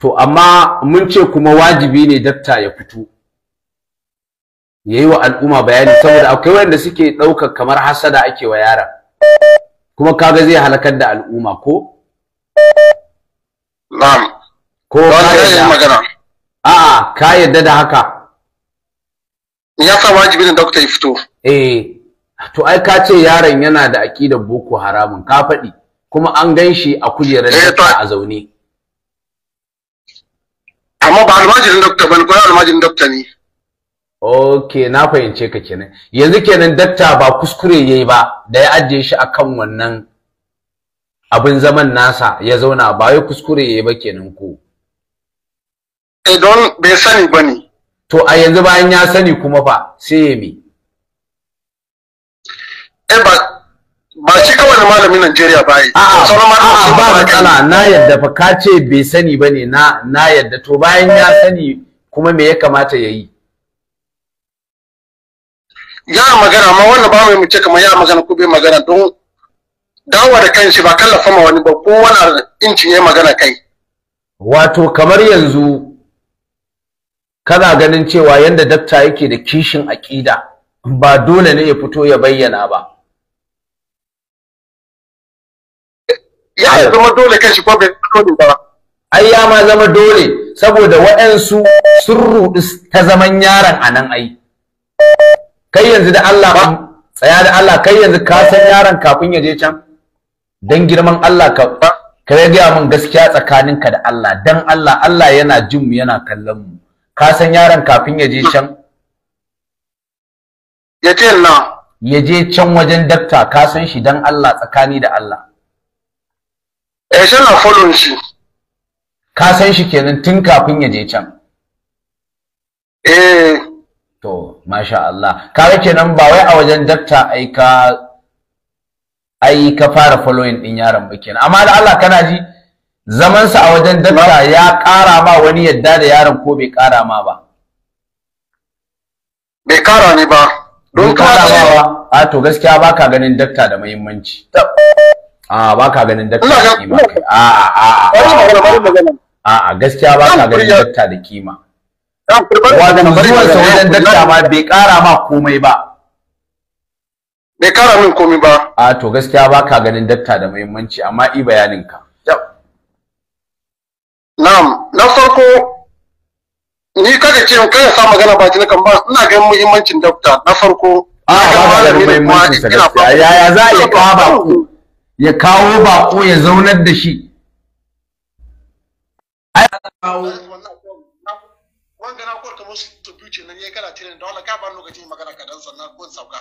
to amma mun ce kuma wajibi ne datta ya fito yayi wa al'umma bayani saboda akwai wanda suke ɗauka kamar hasada ake wa yara kuma kaga zai halakar da al'umma ko na'am ko ka magana a'a ka yadda da haka ya sa wajibi ne dakta ya fito eh to ai ka ce yaron yana da aƙidar boko haramun ka faɗi kuma an gan shi a kujerar eh, da a zaune amma ba almajirin dokta bane ko almajirin dokta ne Ok, na fahimce ka kenan. Yanzu kenan dakta ba kuskure yayi ba da ya ajiye shi akan wannan abin zaman nasa ya zauna ba ya kuskure yayi ba kenan ko. Eh don bai sani bane. To a yanzu bayan ya sani kuma fa sai ya me? E, ba ba shi kawai malamin Najeriya ba yi sauran malamin ba matsala na yadda fa ka ce bai sani ba ne na na yadda to bayan ya sani kuma me ya kamata ya yi ya magana amma wannan ba mai mace kamar ya magana ko bai magana don dawo da kanshi ba kallafa ma wani ba ko wani inci ya magana kai wato kamar yanzu kana ganin cewa yanda dakta yake da kishin aƙida ba dole ne ya fito ya bayyana ba ya zama dole kan shi ko bai dole ba ai ya ma zama dole saboda waɗansu sun rudu ta zaman yaron a nan ai kai yanzu da Allah ba tsaya da Allah kai yanzu ka san yaron kafin ya je can dan girman Allah ka ka gaya min gaskiya tsakaninka da Allah dan Allah Allah yana jin mu yana kallon mu ka san yaron kafin ya je can ya je na ya je can wajen dakta ka san shi dan Allah tsakani da Allah eh suna follow shi ka san shi kenan tun kafin ya je can eh to masha Allah kaga kenan ba wai a wajen dakta aika ka ai ka fara following din yaron ba kenan amma da Allah kana ji zamansa a wajen dakta ya ƙara ma wani yadda da yaron ko bai ƙara ma ba bai ƙara ne ba don ƙara ma ba a to gaskiya baka ganin dakta da muhimmanci a ba ka ganin dakta da kima gaskiya ba ganin dakta da kima wajen zuwan sa dakta ma bai kara ma komai ba bai kara min komai ba a to gaskiya ba ka ganin dakta da muhimmanci amma i bayanin ka na'am na farko ni kada ce kada sa magana ba ki kan ba ina ganin muhimmancin dakta na farko a ba ga muhimmancin sa gaskiya yaya za a yi ku ya kawo bako ya zaunar da shi wanga na ya ba magana sannan sauka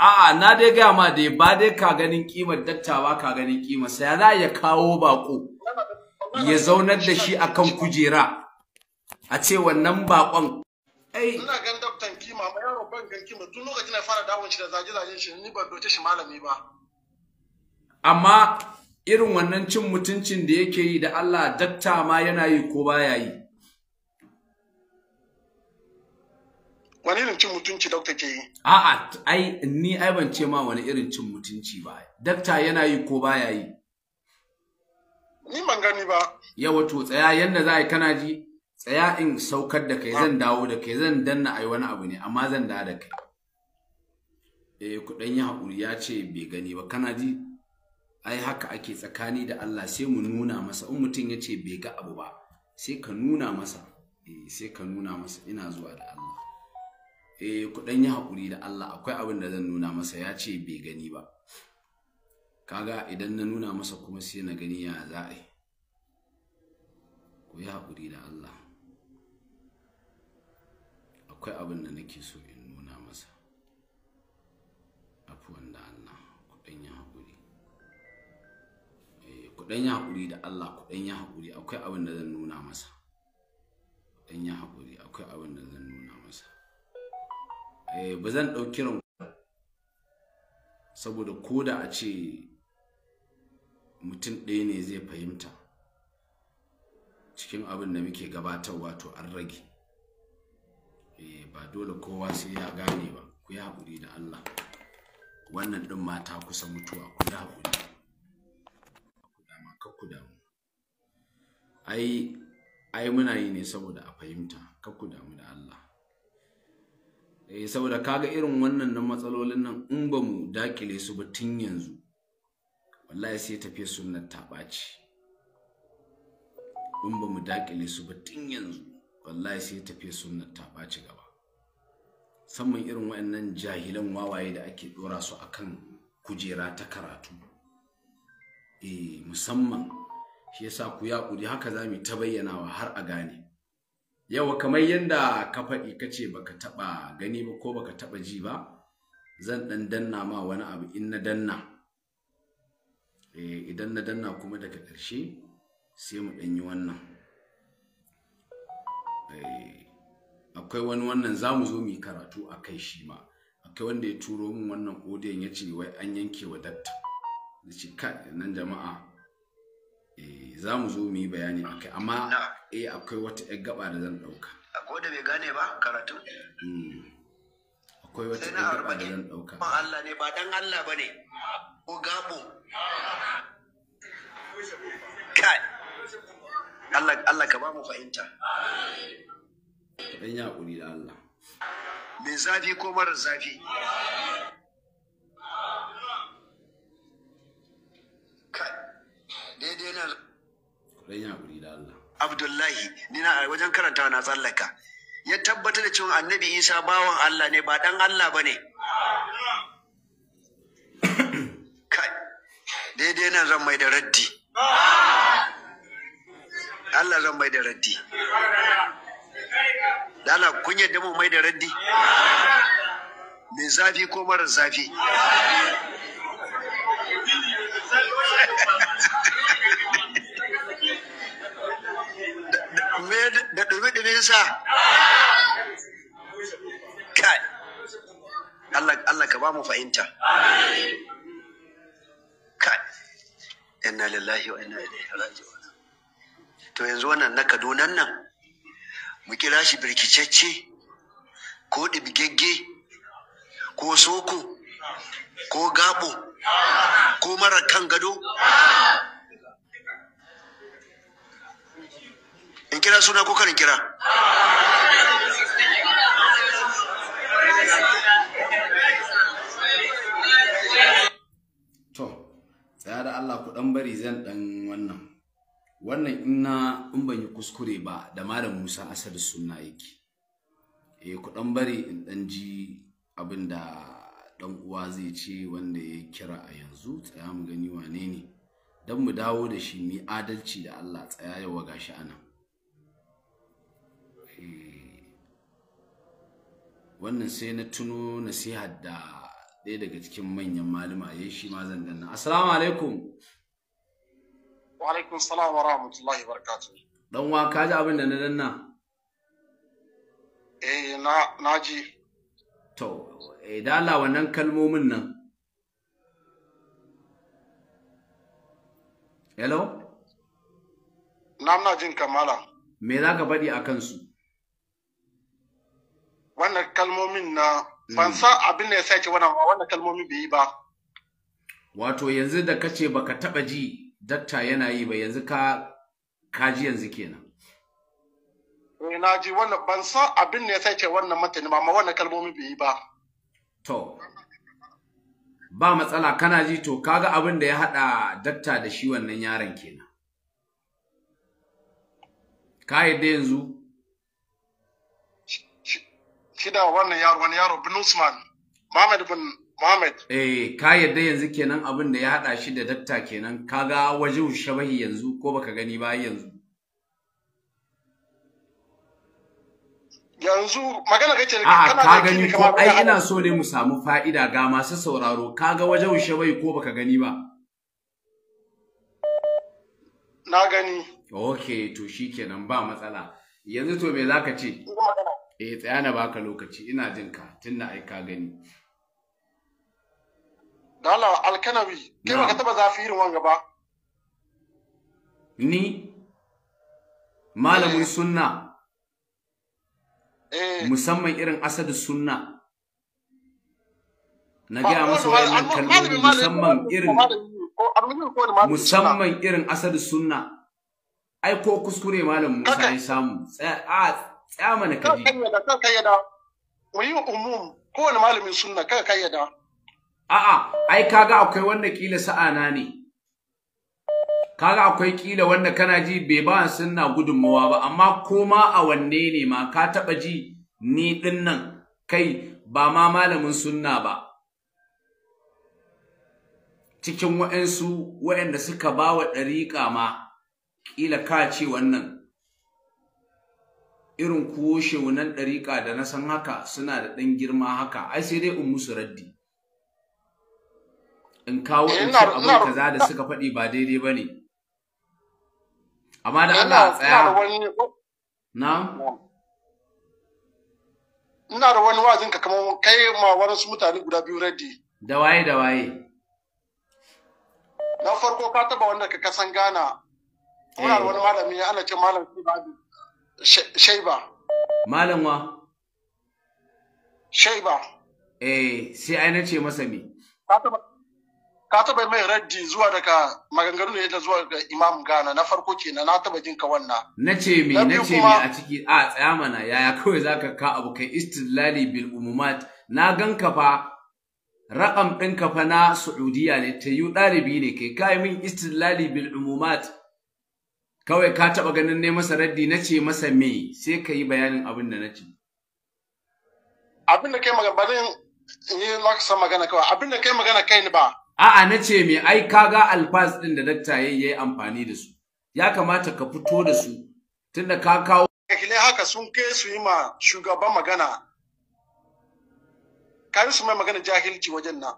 a'a na dai gaya ma dai ba dai ka ganin kimar dattawa ka ganin kimar sai za ya kawo bako ya zaunar da shi akan kujera a ce wannan bakon ai ina gan daktan kima ma yaro ban gan kima tun lokacin da fara dawon shi da zaje zajen shi ni ban dote shi malami ba amma irin wannan cin mutuncin da yake yi da Allah datta ma yana yi ko baya yi wani irin cin mutunci dokta ke yi a'a ai ni ai ban ce ma wani irin cin mutunci ba dakta yana yi ko baya yi ni ban gani ba yawa to tsaya yanda za a yi kana ji tsaya in saukar da kai zan ah. dawo da kai zan danna ai wani abu ne amma zan dawo da kai eh kudan ya haƙuri ya ce bai gani ba kana ji ai haka ake tsakani da Allah sai mu nuna masa in mutum ya ce bai ga abu ba sai ka nuna masa eh sai ka nuna masa ina zuwa da Allah eh ku dan yi hakuri da Allah akwai abin da zan nuna masa ya ce bai gani ba kaga idan na nuna masa kuma sai na gani ya za a ku yi hakuri da Allah akwai abin da nake so ɗan ya haƙuri da Allah ku ɗan ya haƙuri akwai abin da zan nuna masa ɗan ya haƙuri akwai abin da zan nuna masa eh ba zan ɗauki ran saboda ko da a ce mutum ɗaya ne zai fahimta cikin abin da muke gabatarwa to an rage eh ba dole kowa sai ya gane ba ku ya haƙuri da Allah wannan ɗin mata kusa mutuwa ku ya haƙuri ai ai muna yi ne saboda a fahimta kakku damu da Allah eh saboda kaga irin wannan nan matsalolin nan in ba mu dakile su ba tun yanzu wallahi sai tafi sunnar ta ɓaci in ba mu dakile su ba tun yanzu wallahi sai tafi sunnar ta ɓaci gaba samman irin waɗannan jahilan wawaye da ake ɗora su akan kujera ta karatu eh musamman shi yasa ku ya haka za mu ta bayyanawa har a gane Yau kamar yadda ka faɗi ka ce baka taɓa gani ba ko baka taɓa ji ba zan ɗan danna ma wani abu in na danna eh, idan na danna kuma daga ƙarshe sai mu ɗanyi wannan eh, akwai wani wannan za mu zo mu yi karatu a kai shi ma akwai wanda ya turo min wannan odiyon ya ce wai an yanke wa datta da ce nan jama'a Eh, za mu zo mu yi bayani akai amma eh akwai wata ƴar gaba da zan ɗauka akwai da bai gane ba karatu hmm. akwai wata ƴar gaba da zan ɗauka ba Allah ne ba dan Allah ba ne ko gabo kai Allah Allah ka ba mu fahimta dan ya hakuri da Allah me zafi ko mara zafi daidai na guri da Allah Abdullahi ni na wajen karanta na tsallaka ya tabbatar da cewa annabi Isa bawan Allah ne ba dan Allah bane (coughs) daidai na zan mai da raddi Allah zan mai da raddi Dala kun yadda mu mai da raddi mai zafi ko mara zafi (laughs) da ɗumi-ɗumin sa kai Allah ka ba mu fahimta kai inna lillahi wa inna ilaihi raji'un to yanzu wannan na Kaduna nan mu kira shi birkicacce ko ɗibgegge ko soko ko gabo ko mara kan gado in kira suna ko kan kira to tsaya da Allah ku dan bari zan dan wannan wannan ina in ban yi kuskure ba da malam Musa Asad sunna yake eh ku dan bari in dan ji abinda dan uwa zai ce wanda ya kira a yanzu tsaya mu gani wane ne dan mu dawo da shi mu adalci da Allah tsaya yawa gashi anan Eh, wannan sai na tuno nasihar da ɗaya daga cikin manyan malama ya shi ma zan danna assalamu alaikum wa alaikum salam wa rahmatullahi wa barakatuh dan wa ka ji abin da na danna eh na na ji to eh dala wannan kalmomin nan hello na na jin kamala me za ka faɗi a kansu wannan kalmomin na ban hmm. san abin da ya sace wannan wannan kalmomi bai yi ba wato yanzu da kace baka taba ji datta yana yi ba yanzu ka kaji yanzu kenan eh na ji wannan ban san abin da ya sace wannan matanin ba amma wannan kalmomi bai yi ba to ba matsala kana ji to kaga abin da ya hada datta da shi wannan yaron kenan ka yadda yanzu shi da wannan yaro wani yaro bin Usman Muhammad bin Muhammad eh ka yadda yanzu kenan abin da ya hada shi da dakta kenan kaga waje shabahi yanzu ko baka gani ba yanzu yanzu magana kace kana ka gani ko ai ina so ne mu samu fa'ida ga masu sauraro kaga waje shabahi ko baka gani ba na gani okay to shikenan ba matsala yanzu to me zaka ce eh tsaya na baka lokaci ina jin ka tunda ai ka gani Dala alkanawi kai baka taba zafi irin wanga ba ni malamin eh. sunna eh. musamman irin asadu sunna na gaya masa wayannan kalmomi musamman irin musamman irin asadu sunna ai ko kuskure malam Musa ya samu a Ya mana kaji. Kan kayyada, mu yi umum kowane malamin sunna kan kayyada. A'a, ai kaga akwai wanda kila sa'ana ne. Kaga akwai kila wanda kana ji bai ba sunna gudunmawa ba, amma koma a wanne ne ma ka taɓa ji ni ɗin nan kai ba ma malamin sunna ba. Cikin wa'yansu wa'yanda suka ba wa ɗariƙa ma, ƙila ka ce wannan irin ko shewunan ɗariƙa da na san haka suna da ɗan girma haka ai sai dai in musu raddi in kawo in ce abin kaza da suka faɗi ba daidai ba ne amma da Allah tsaya na ina da wani wazin ka kamar kai ma su mutane guda biyu raddi da waye da waye na farko ka taba wanda ka kasan gana Ina da wani eh. malami ana ce malam Sibadu Shaiba. Malamwa? Sheiba. Shaiba. Eh, sai ai na ce masa me? Ka taba mai raddi zuwa daga maganganu da zuwa ga Imam Gana na farko kenan na taba jin ka wannan. Na ce me na ce me a ciki a tsaya mana yaya kawai zaka ka abu kai istilali bil umumat na ganka fa raƙam ɗinka fa na Saudiya ne ta yi ɗalibi ne kai kai min istilali bil umumat kawai ka taɓa ganin ne masa raddi na ce masa me sai ka yi bayanin abin da na ce. Abin da kai magana bari yi laksa magana kawai abin da kai magana kai ni ba. A'a na ce me ai ka ga alfas ɗin da dakta ya yi amfani da su ya kamata ka fito da su tunda ka kawo. Kakile haka sun kai su yi ma shugaban magana. Kari su mai magana jahilci wajen nan.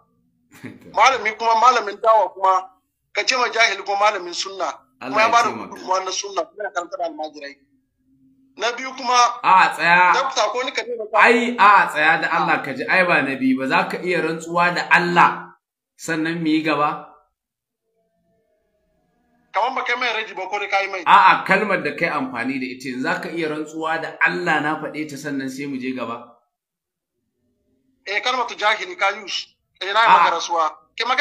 (laughs) Malami kuma malamin dawa kuma ka ce ma jahili kuma malamin sunna. Allah ya na biyu kuma a tsaya dokta a tsaya da Allah ka ji ai ba na biyu ba za ka iya rantsuwa da Allah sannan mu yi gaba kamar ba kai mai a'a kalmar da kai amfani da ita za ka iya rantsuwa da Allah na faɗe ta sannan sai mu je gaba eh kalmar jahili ka yi eh na yi maka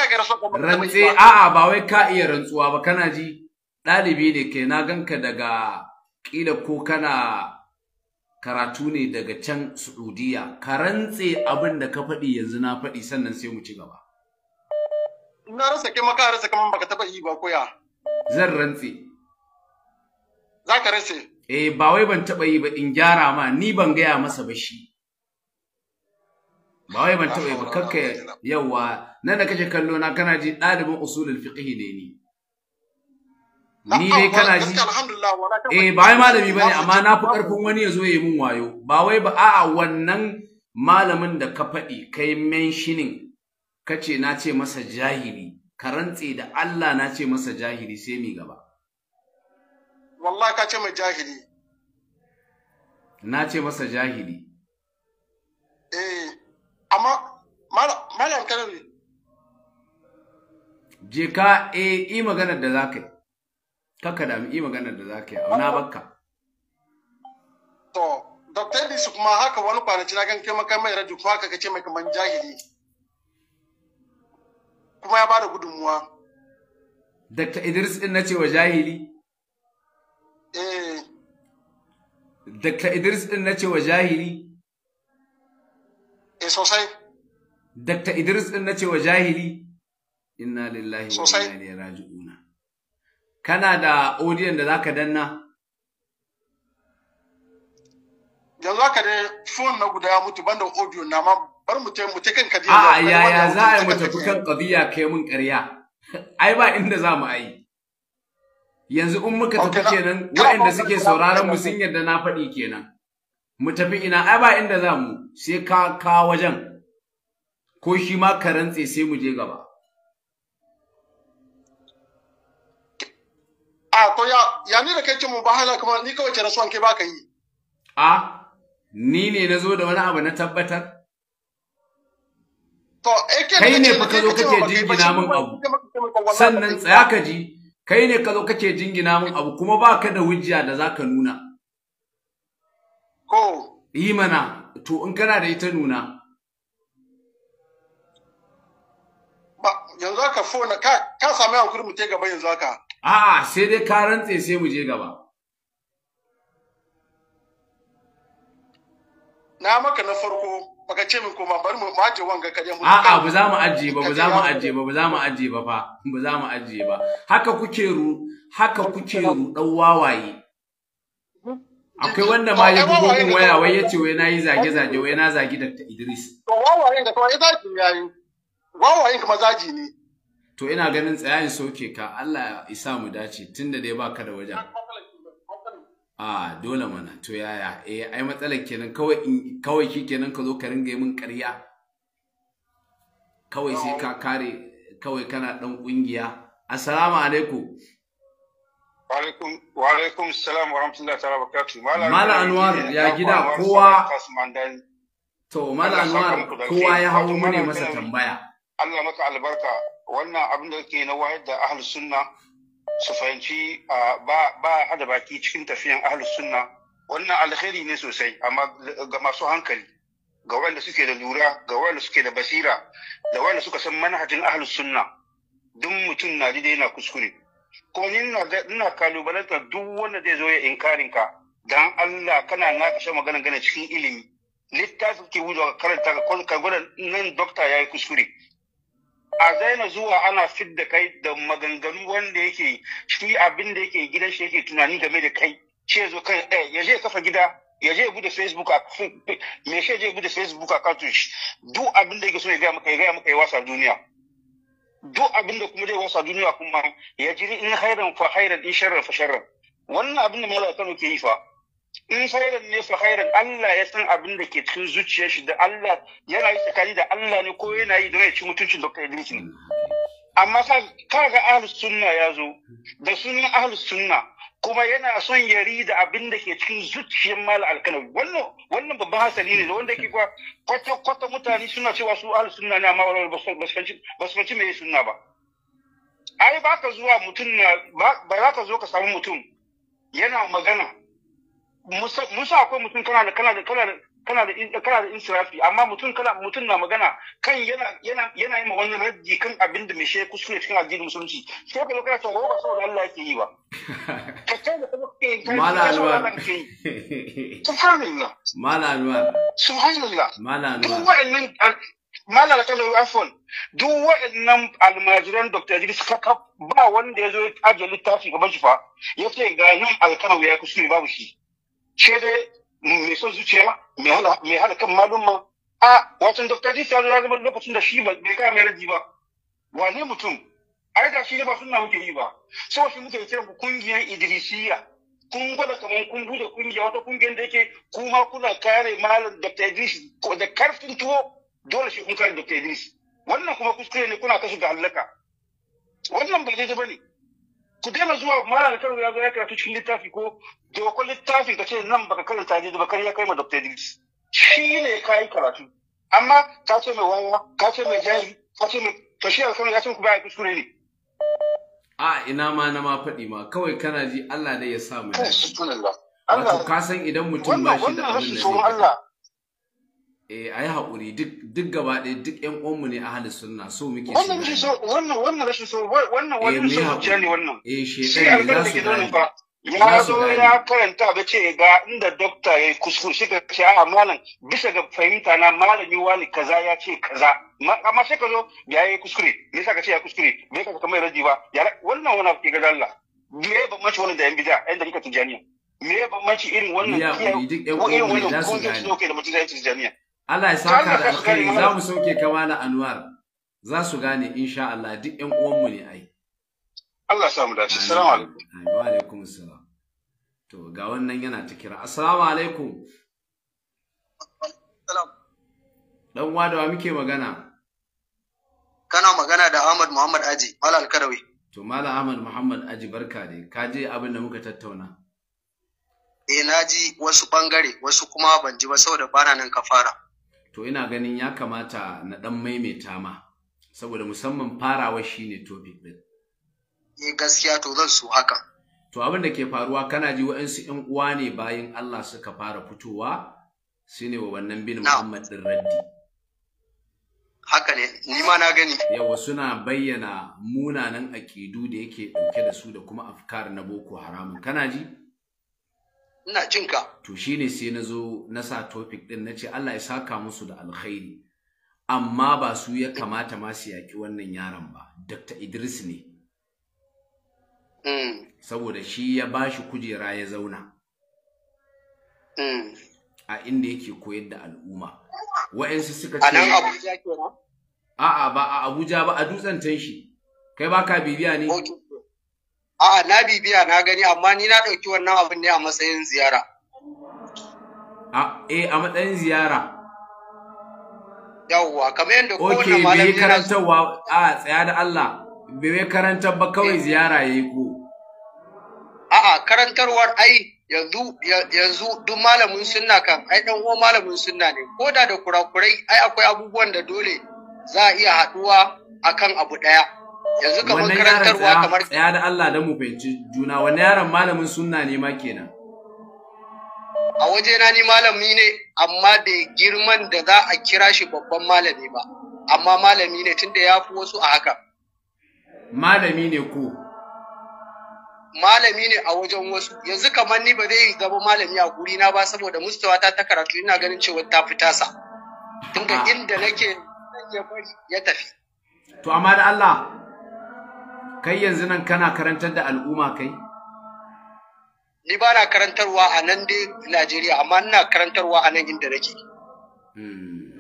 rantsuwa maka a'a ba wai ka iya rantsuwa ba kana ji ɗalibi ne ke na ganka daga ƙila ko kana karatu ne daga can Su'udiya ka rantse abin da ka faɗi yanzu na faɗi sannan sai mu ci gaba. Na rasa kai maka rasa kaman baka taɓa yi ba koya. Zan rantse. Za ka rantse. Eh ba wai ban taɓa yi ba in gyara ma ni ban gaya masa ba shi. Ba wai ban taɓa yi ba kakka yawa nan da kake kallo na kana ji ɗalibin usulul fiqh ne ni. ni dai kana ji eh ba wai malami bane amma na fi karfin wani ya zo ya yi mun wayo ba wai ba a'a wannan malamin da ka faɗi kai mentioning ka ce na ce masa jahili ka rantse da Allah na ce masa jahili sai mi gaba wallahi ka ce mai jahili na ce masa jahili eh amma malam kalari je ka eh i maganar da zaka yi Kaka da yi maganar da za ka yi, auna bakka. To, Dr. Idris kuma haka wani kwanaci na kan kai mai radio kuma haka kace mai kaman jahili. Kuma ya bada gudunmuwa. Dr. Idris din na ce wa jahili? Eh. Dr. Idris din na ce wa jahili? Eh sosai. Dr. Idris din na ce wa jahili? Inna lillahi wa inna ilaihi raji'un. kana da odiyon da zaka danna yanzu haka dai fon na guda ya mutu banda audio na ma bar mu mu ta kan kadiya a ya ya za a mu tafi kan kadiya kai mun ƙarya (laughs) ai ba inda za mu ai yanzu in muka tafi kenan waɗanda suke sauraron mu sun yarda na faɗi kenan mu tafi ina ai ba inda za mu sai ka ka wajen ko shi ma ka rantse sai mu je gaba a ya ya ni ne na zo da wani abu na tabbatar eh, kai ne ka zo kake jingina min abu sannan tsaya ka ji kai ne ka zo kake jingina min abu kuma ka da hujja da ka nuna yi mana to in kana da ita nuna yanzu fona ka sami hankuri mu gaba yanzu haka A'a sai dai ka rantse sai mu je gaba. Na maka na farko baka ce min koma bari mu aje wanga kaje mu a'a ba za mu aje ba ba za mu aje ba ba za mu aje ba fa ba za mu aje ba haka kuke ru haka kuke ru dan wawaye akwai wanda ma ya bugo min waya wai ce wai yi zage zage wai na zagi Dr. Idris to wawaye da kawai zagi yayi wawaye kuma zaji ne to ina ganin tsayayin soke ka Allah ya isa mu dace tunda dai baka da wajen a dole mana to yaya eh ai matsalar kenan kawai kawai kenan ka zo ka ringa yi min ƙarya kawai sai ka kare kawai kana dan kungiya assalamu alaikum wa alaikum salam wa rahmatullahi ta'ala barakatuh mala anwar ya gida kowa to mala anwar kowa ya hawo mune masa tambaya Allah maka albarka wannan abin da ke na wayar da ahal sunna su fahimci ba a hada baki cikin tafiyan ahal sunna wannan alheri ne sosai amma ga masu hankali ga wanda suke da lura ga wanda suke da basira da wanda suka san manhajin ahal sunna duk mutum na dai yana kuskure ko ni ina kalubalantar duk wanda zai zo ya inkarin ka dan Allah kana na kashe magana gana cikin ilimi littafin ke wuzo ka karanta ka gwada nan dokta ya yi kuskure a daina zuwa ana fit da kai da maganganu wanda yake shi abin da yake gidan shi yake tunani game da kai ce zo kai ɗaya ya je kafa gida ya je bude facebook a me shi je bude facebook a kantun shi duk abin da yake so ya gaya maka ya gaya maka ya wasa duniya duk abin da kuma zai wasa duniya kuma ya jiri in hairan fa hairan in sharran fa sharran wannan abin da mai Kano ke yi fa in sauran ne su khairan Allah ya san abin da ke cikin zuciyar shi da Allah yana yi tsakani da Allah ne ko yana yi don ya ci mutuncin Dr. Idris ne amma ka ga ahlus sunna ya zo da sunan ahlus sunna kuma yana son ya da abin da ke cikin zuciyar mal alkanar wannan wannan babban hasali ne da wanda ke kuwa kwata kwata mutane suna cewa su ahlus sunna ne amma wala ba su fanci mai sunna ba ai ba ka zuwa mutum na ba za ka zo ka samu mutum yana magana musa akwai mutum kana da kana da kana da kana da kana da insirafi amma mutum kana mutum na magana kan yana yana yana yin wani raddi kan abin da mai shi kuskure cikin addinin musulunci sai ka kana cewa ba saboda Allah yake yi ba (laughs) ka ce da kuma kake yi mala alwan (laughs) subhanallah mala alwan subhanallah mala alwan duk wa'annan mala da duk wa'annan almajiran Dr. Idris kaka ba wanda ya zo ya ajiye littafi gaban shi fa ya ce ga nan alkanawi ya babu shi ce da mai son zuciya mai hana kan malumma a watan dr jisi ya zama lokacin da shi bai kaya mai raji ba wane mutum ai da shi ne ba suna muke yi ba sai shi muke kiran ku kungiyar idrisiya kun gwada kamar kun bude kungiya wata kungiyar da yake kuma kuna kare malam dr idris da karfin tuwo dole shi kun kare dr idris wannan kuma kuskure ne kuna kashe ga allaka wannan bai daidai ba ne ku daina zuwa malam kano ya zo ya karatu cikin littafi ko wakon littafi ka ce nan baka karanta ne ba kar ya kai ma dr idris shi ne ka yi karatu amma ka ce mai wawa ka ce mai jari ka ce mai to shi alkano ya ce ku baya kuskure ne a ina ma na ma faɗi ma kawai kana ji Allah ne ya sa mu ne wato ka san idan mutum ba shi da abin da zai eh ayi haƙuri duk duk gaba ɗaya duk ƴan uwanmu ne ahlus sunna so muke wannan shi so wannan wannan rashin so wannan eh, wannan so ne wannan eh shedan ne za su gane ya zo ya karanta ga ce ga inda dokta ya kuskure shi ga ce a malam bisa ga fahimta na yi wani kaza ya ce kaza amma sai ka zo ya yi kuskure me sa ka ce ya kuskure me yasa ka mai raji ba wannan wani abu ke ga Allah me ya bambanci wani da yan bid'a yan dalika tijaniya me ya bambanci irin wannan kiyaye irin wannan kungiyar su ne ke da mutum da yan tijaniya Allah ya saka da alkhairi za mu sauke kama na Anwar za su gane insha Allah duk ƴan uwanmu ne ai. Allah samu dace. Assalamu alaikum. Wa alaikum assalam. To ga wannan yana ta kira. Assalamu alaikum. Dan wa da muke magana? Kana magana da Ahmad Muhammad Aji, Malam Karawi To Malam Ahmad Muhammad Aji barka dai. Ka je abin da muka tattauna. Eh na ji wasu bangare, wasu kuma ban ji ba saboda bana nan ka fara. to ina ganin ya kamata na ɗan maimaita ma saboda musamman farawa shine topic ɗin. Eh gaskiya to zan so haka. To abin da ke faruwa kana ji wa'ansu ƴan uwa ne bayan Allah suka fara fitowa shine wa wannan bin Muhammad din Raddi. Haka ne, ni ma na gani. Yawa suna bayyana munanan akidu da yake dauke da su da kuma afkar na Boko Haramun. Kana ji? ina jin ka to shi ne sai na zo na sa topic din na ce Allah ya saka musu da alkhairi amma ba su ya kamata ma su yaki wannan yaron ba Dr. Idris ne mm. saboda shi ya ba shi kujera ya zauna mm. a inda yake koyar da al'umma wa'ansu suka ce a'a ba a Abuja ba a dutsen tanshi kai ba ka bibiya ne A'a na bibiya na gani amma ni na ɗauki wannan abin ne a matsayin ziyara. A eh a matsayin ziyara. Yawwa kamar yadda kowane malami yana karantarwa a tsaya da Allah bai mai karantar ba kawai eh. ziyara yayi ko. A'a karantarwar ai yanzu yanzu duk malamin sunna kan ai dan uwan malamin sunna ne ko da da kurakurai ai akwai abubuwan da dole za a iya haɗuwa akan abu ɗaya. yanzu kamar karantarwa kamar Ya da Allah da mu fahimci juna wani yaron malamin sunna ne ma kenan a waje na ni malami ne amma da girman da za a kira shi babban malami ba amma malami ne tunda ya fi wasu a haka malami ne ko malami ne a wajen wasu yanzu kamar ni ba zai zama malami a guri na ba saboda mustawa ta ta karatu ina ganin cewa ta fita sa tunda inda nake ya bari ya tafi to amma da Allah kai yanzu nan kana karantar da al'umma kai ni ba na karantarwa a nan da Najeriya amma ina karantarwa a nan inda nake hmm.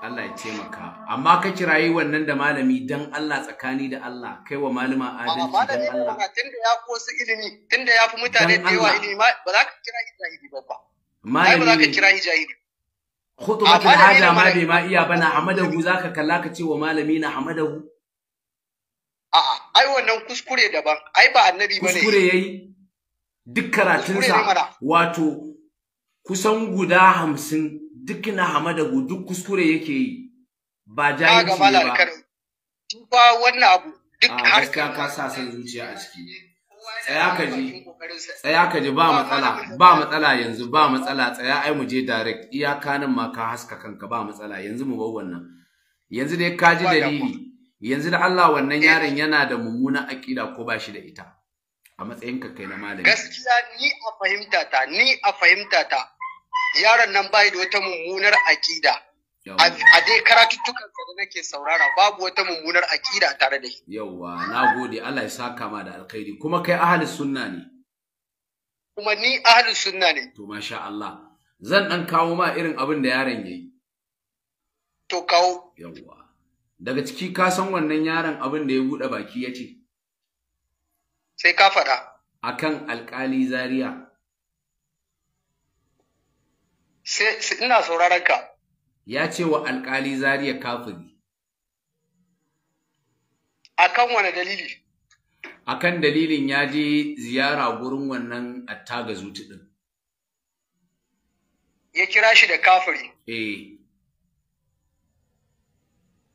Allah ya taimaka amma ka kirayi wannan da malami don Allah tsakani da Allah kai wa malama adalci don Allah tun da ya fi wasu ilimi tun da ya fi mutane da yawa ilimi ba za ka kira hijahili ba ba malami ba za ka kira hijahili Khutubatul haja ma bai ma iya bana hamadahu zaka kalla ka ce wa malami na hamadahu. A'a, ai wannan kuskure daban, ai ba annabi bane. Kuskure yayi. Duk karatunsa wato kusan guda hamsin duk na hamadahu duk kuskure yake yi. Ba jahilci ba. Ba wannan abu duk har ka sa san zuciya a ciki. tsaya ka ji tsaya ka ji ba matsala ba matsala yanzu ba matsala tsaya ai mu je direct iyaka nan ma ka haska kanka ba matsala yanzu mu bar wannan yanzu dai ka ji dalili yanzu da Allah wannan eh. yaron yana da mummuna aƙida ko ba shi da ita a matsayin ka kai na malami gaskiya ni a fahimta ta ni a fahimta ta yaron nan bai da wata mummunar akida a dai karatuttukan abu nake saurara babu wata mummunar aƙida tare da shi. Yawwa, na gode Allah ya saka ma da alkhairi kuma kai ahli sunna ne. Kuma ni ahli sunna ne. To masha Allah. Zan ɗan kawo ma irin abin da yaron yi. To kawo. Yawwa. Daga ciki ka san wannan yaron abin da ya buɗe baki ya ce. Sai ka faɗa. Akan alƙali Zaria. Sai ina sauraron ka. ya ce wa alkali zariya kafiri A kan wani dalili akan dalilin ya je ziyara gurin wannan attaga zuti din ya kira shi da kafiri eh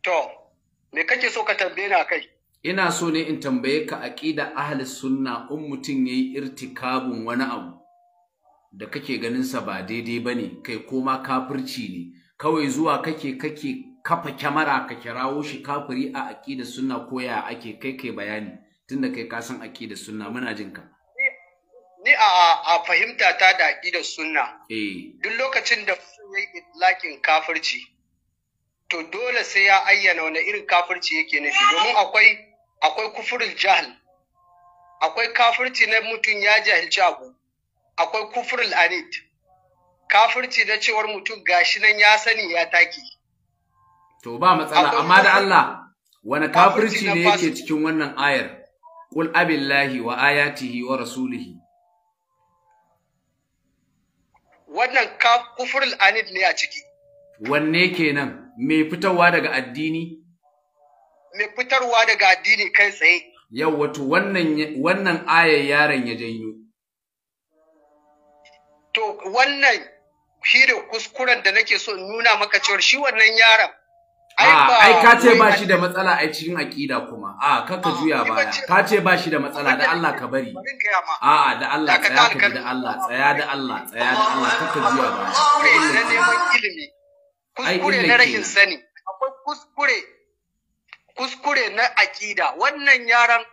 to me kake so ka tambaye na kai ina so ne in tambaye ka aqida ahli sunna in mutum ya yi irtikabun wani abu da kake ganin sa ba daidai ba ne kai koma kafirci ne kawai zuwa kake kake kafa kyamara ka kirawo shi kafiri a aqidar sunna ko ya ake kai kai bayani tunda kai ka san aqidar sunna muna jin ka ni a a fahimta ta da aqidar sunna eh duk lokacin da mutum yayi itlakin kafirci to dole sai ya ayyana wani irin kafirci yake nufi domin akwai akwai kufurul jahl akwai kafirci na mutum ya jahilci abu akwai kufurul anid kafirci da cewar mutum gashi nan ya sani ya take. To ba matsala, amma da Allah, wani kafirci ne yake cikin wannan ayar, Qul abillahi wa ayatihi wa rasulihi. Wannan kufurul anid ne a ciki. Wanne kenan, mai fitarwa daga addini? Mai fitarwa daga addini kai tsaye. Yau wato wannan ayar yaron ya janyo. To wannan shi da kuskuren da nake so in nuna maka cewar shi wannan yaron ai ah, ka ce ba shi da matsala a cikin aƙida kuma a ah, kaka ah, juya baya ka ce ba shi da matsala da Allah ka bari a a da Allah tsaya ka da Allah tsaya da Allah tsaya da Allah kaka juya baya kuskure na neman ilimi kuskure na rashin sani akwai kuskure kuskure na aƙida wannan yaron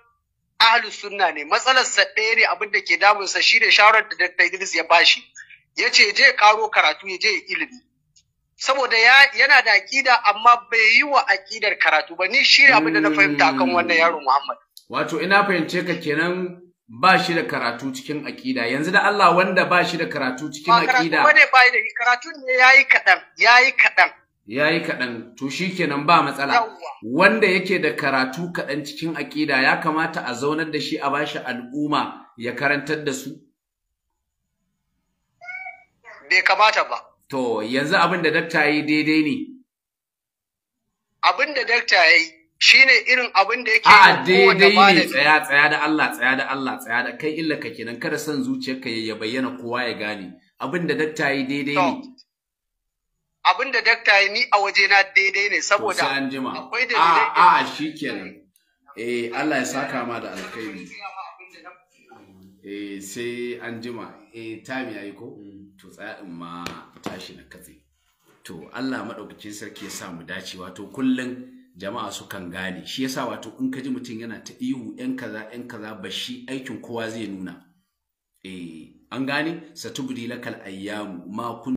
ahlus sunna ne matsalar sa ɗaya ne abin da ke damunsa shi da shawarar da Dr. Idris ya bashi ya ce je karo karatu ya je ilimi saboda yana da aƙida amma bai yi wa aƙidar karatu ba ni shi abin da na fahimta akan wannan yaro Muhammad wato ina fahimce ka kenan ba shi da karatu cikin aƙida yanzu da Allah wanda ba shi da karatu cikin aƙida ba ne ba da karatu ne yayi kaɗan yayi kaɗan yayi kaɗan to shi kenan ba matsala wanda yake da karatu kaɗan cikin aƙida ya kamata a zaunar da shi a bashi al'umma ya karantar da su bai kamata ba. To yanzu abin da dakta yi daidai ne. Abin da dakta ya yi shi ne irin abin da yake a daidai ne tsaya tsaya da Allah tsaya da Allah tsaya da kai illa ka kenan kada son zuciyarka ya bayyana kowa ya gane abin da dakta yi daidai ne. Abin da dakta yi ni a waje na daidai ne saboda akwai da a a shikenan eh Allah ya saka ma da alkhairi eh sai an jima eh time yayi ko to tsaya ma tashi na katse to Allah maɗaukacin sarki ya sa mu dace wato kullun jama'a su kan gane shi yasa wato in ka ji mutum yana ta ihu yan kaza yan kaza ba shi aikin kowa zai nuna eh an gane satubdi lakal ayyamu ma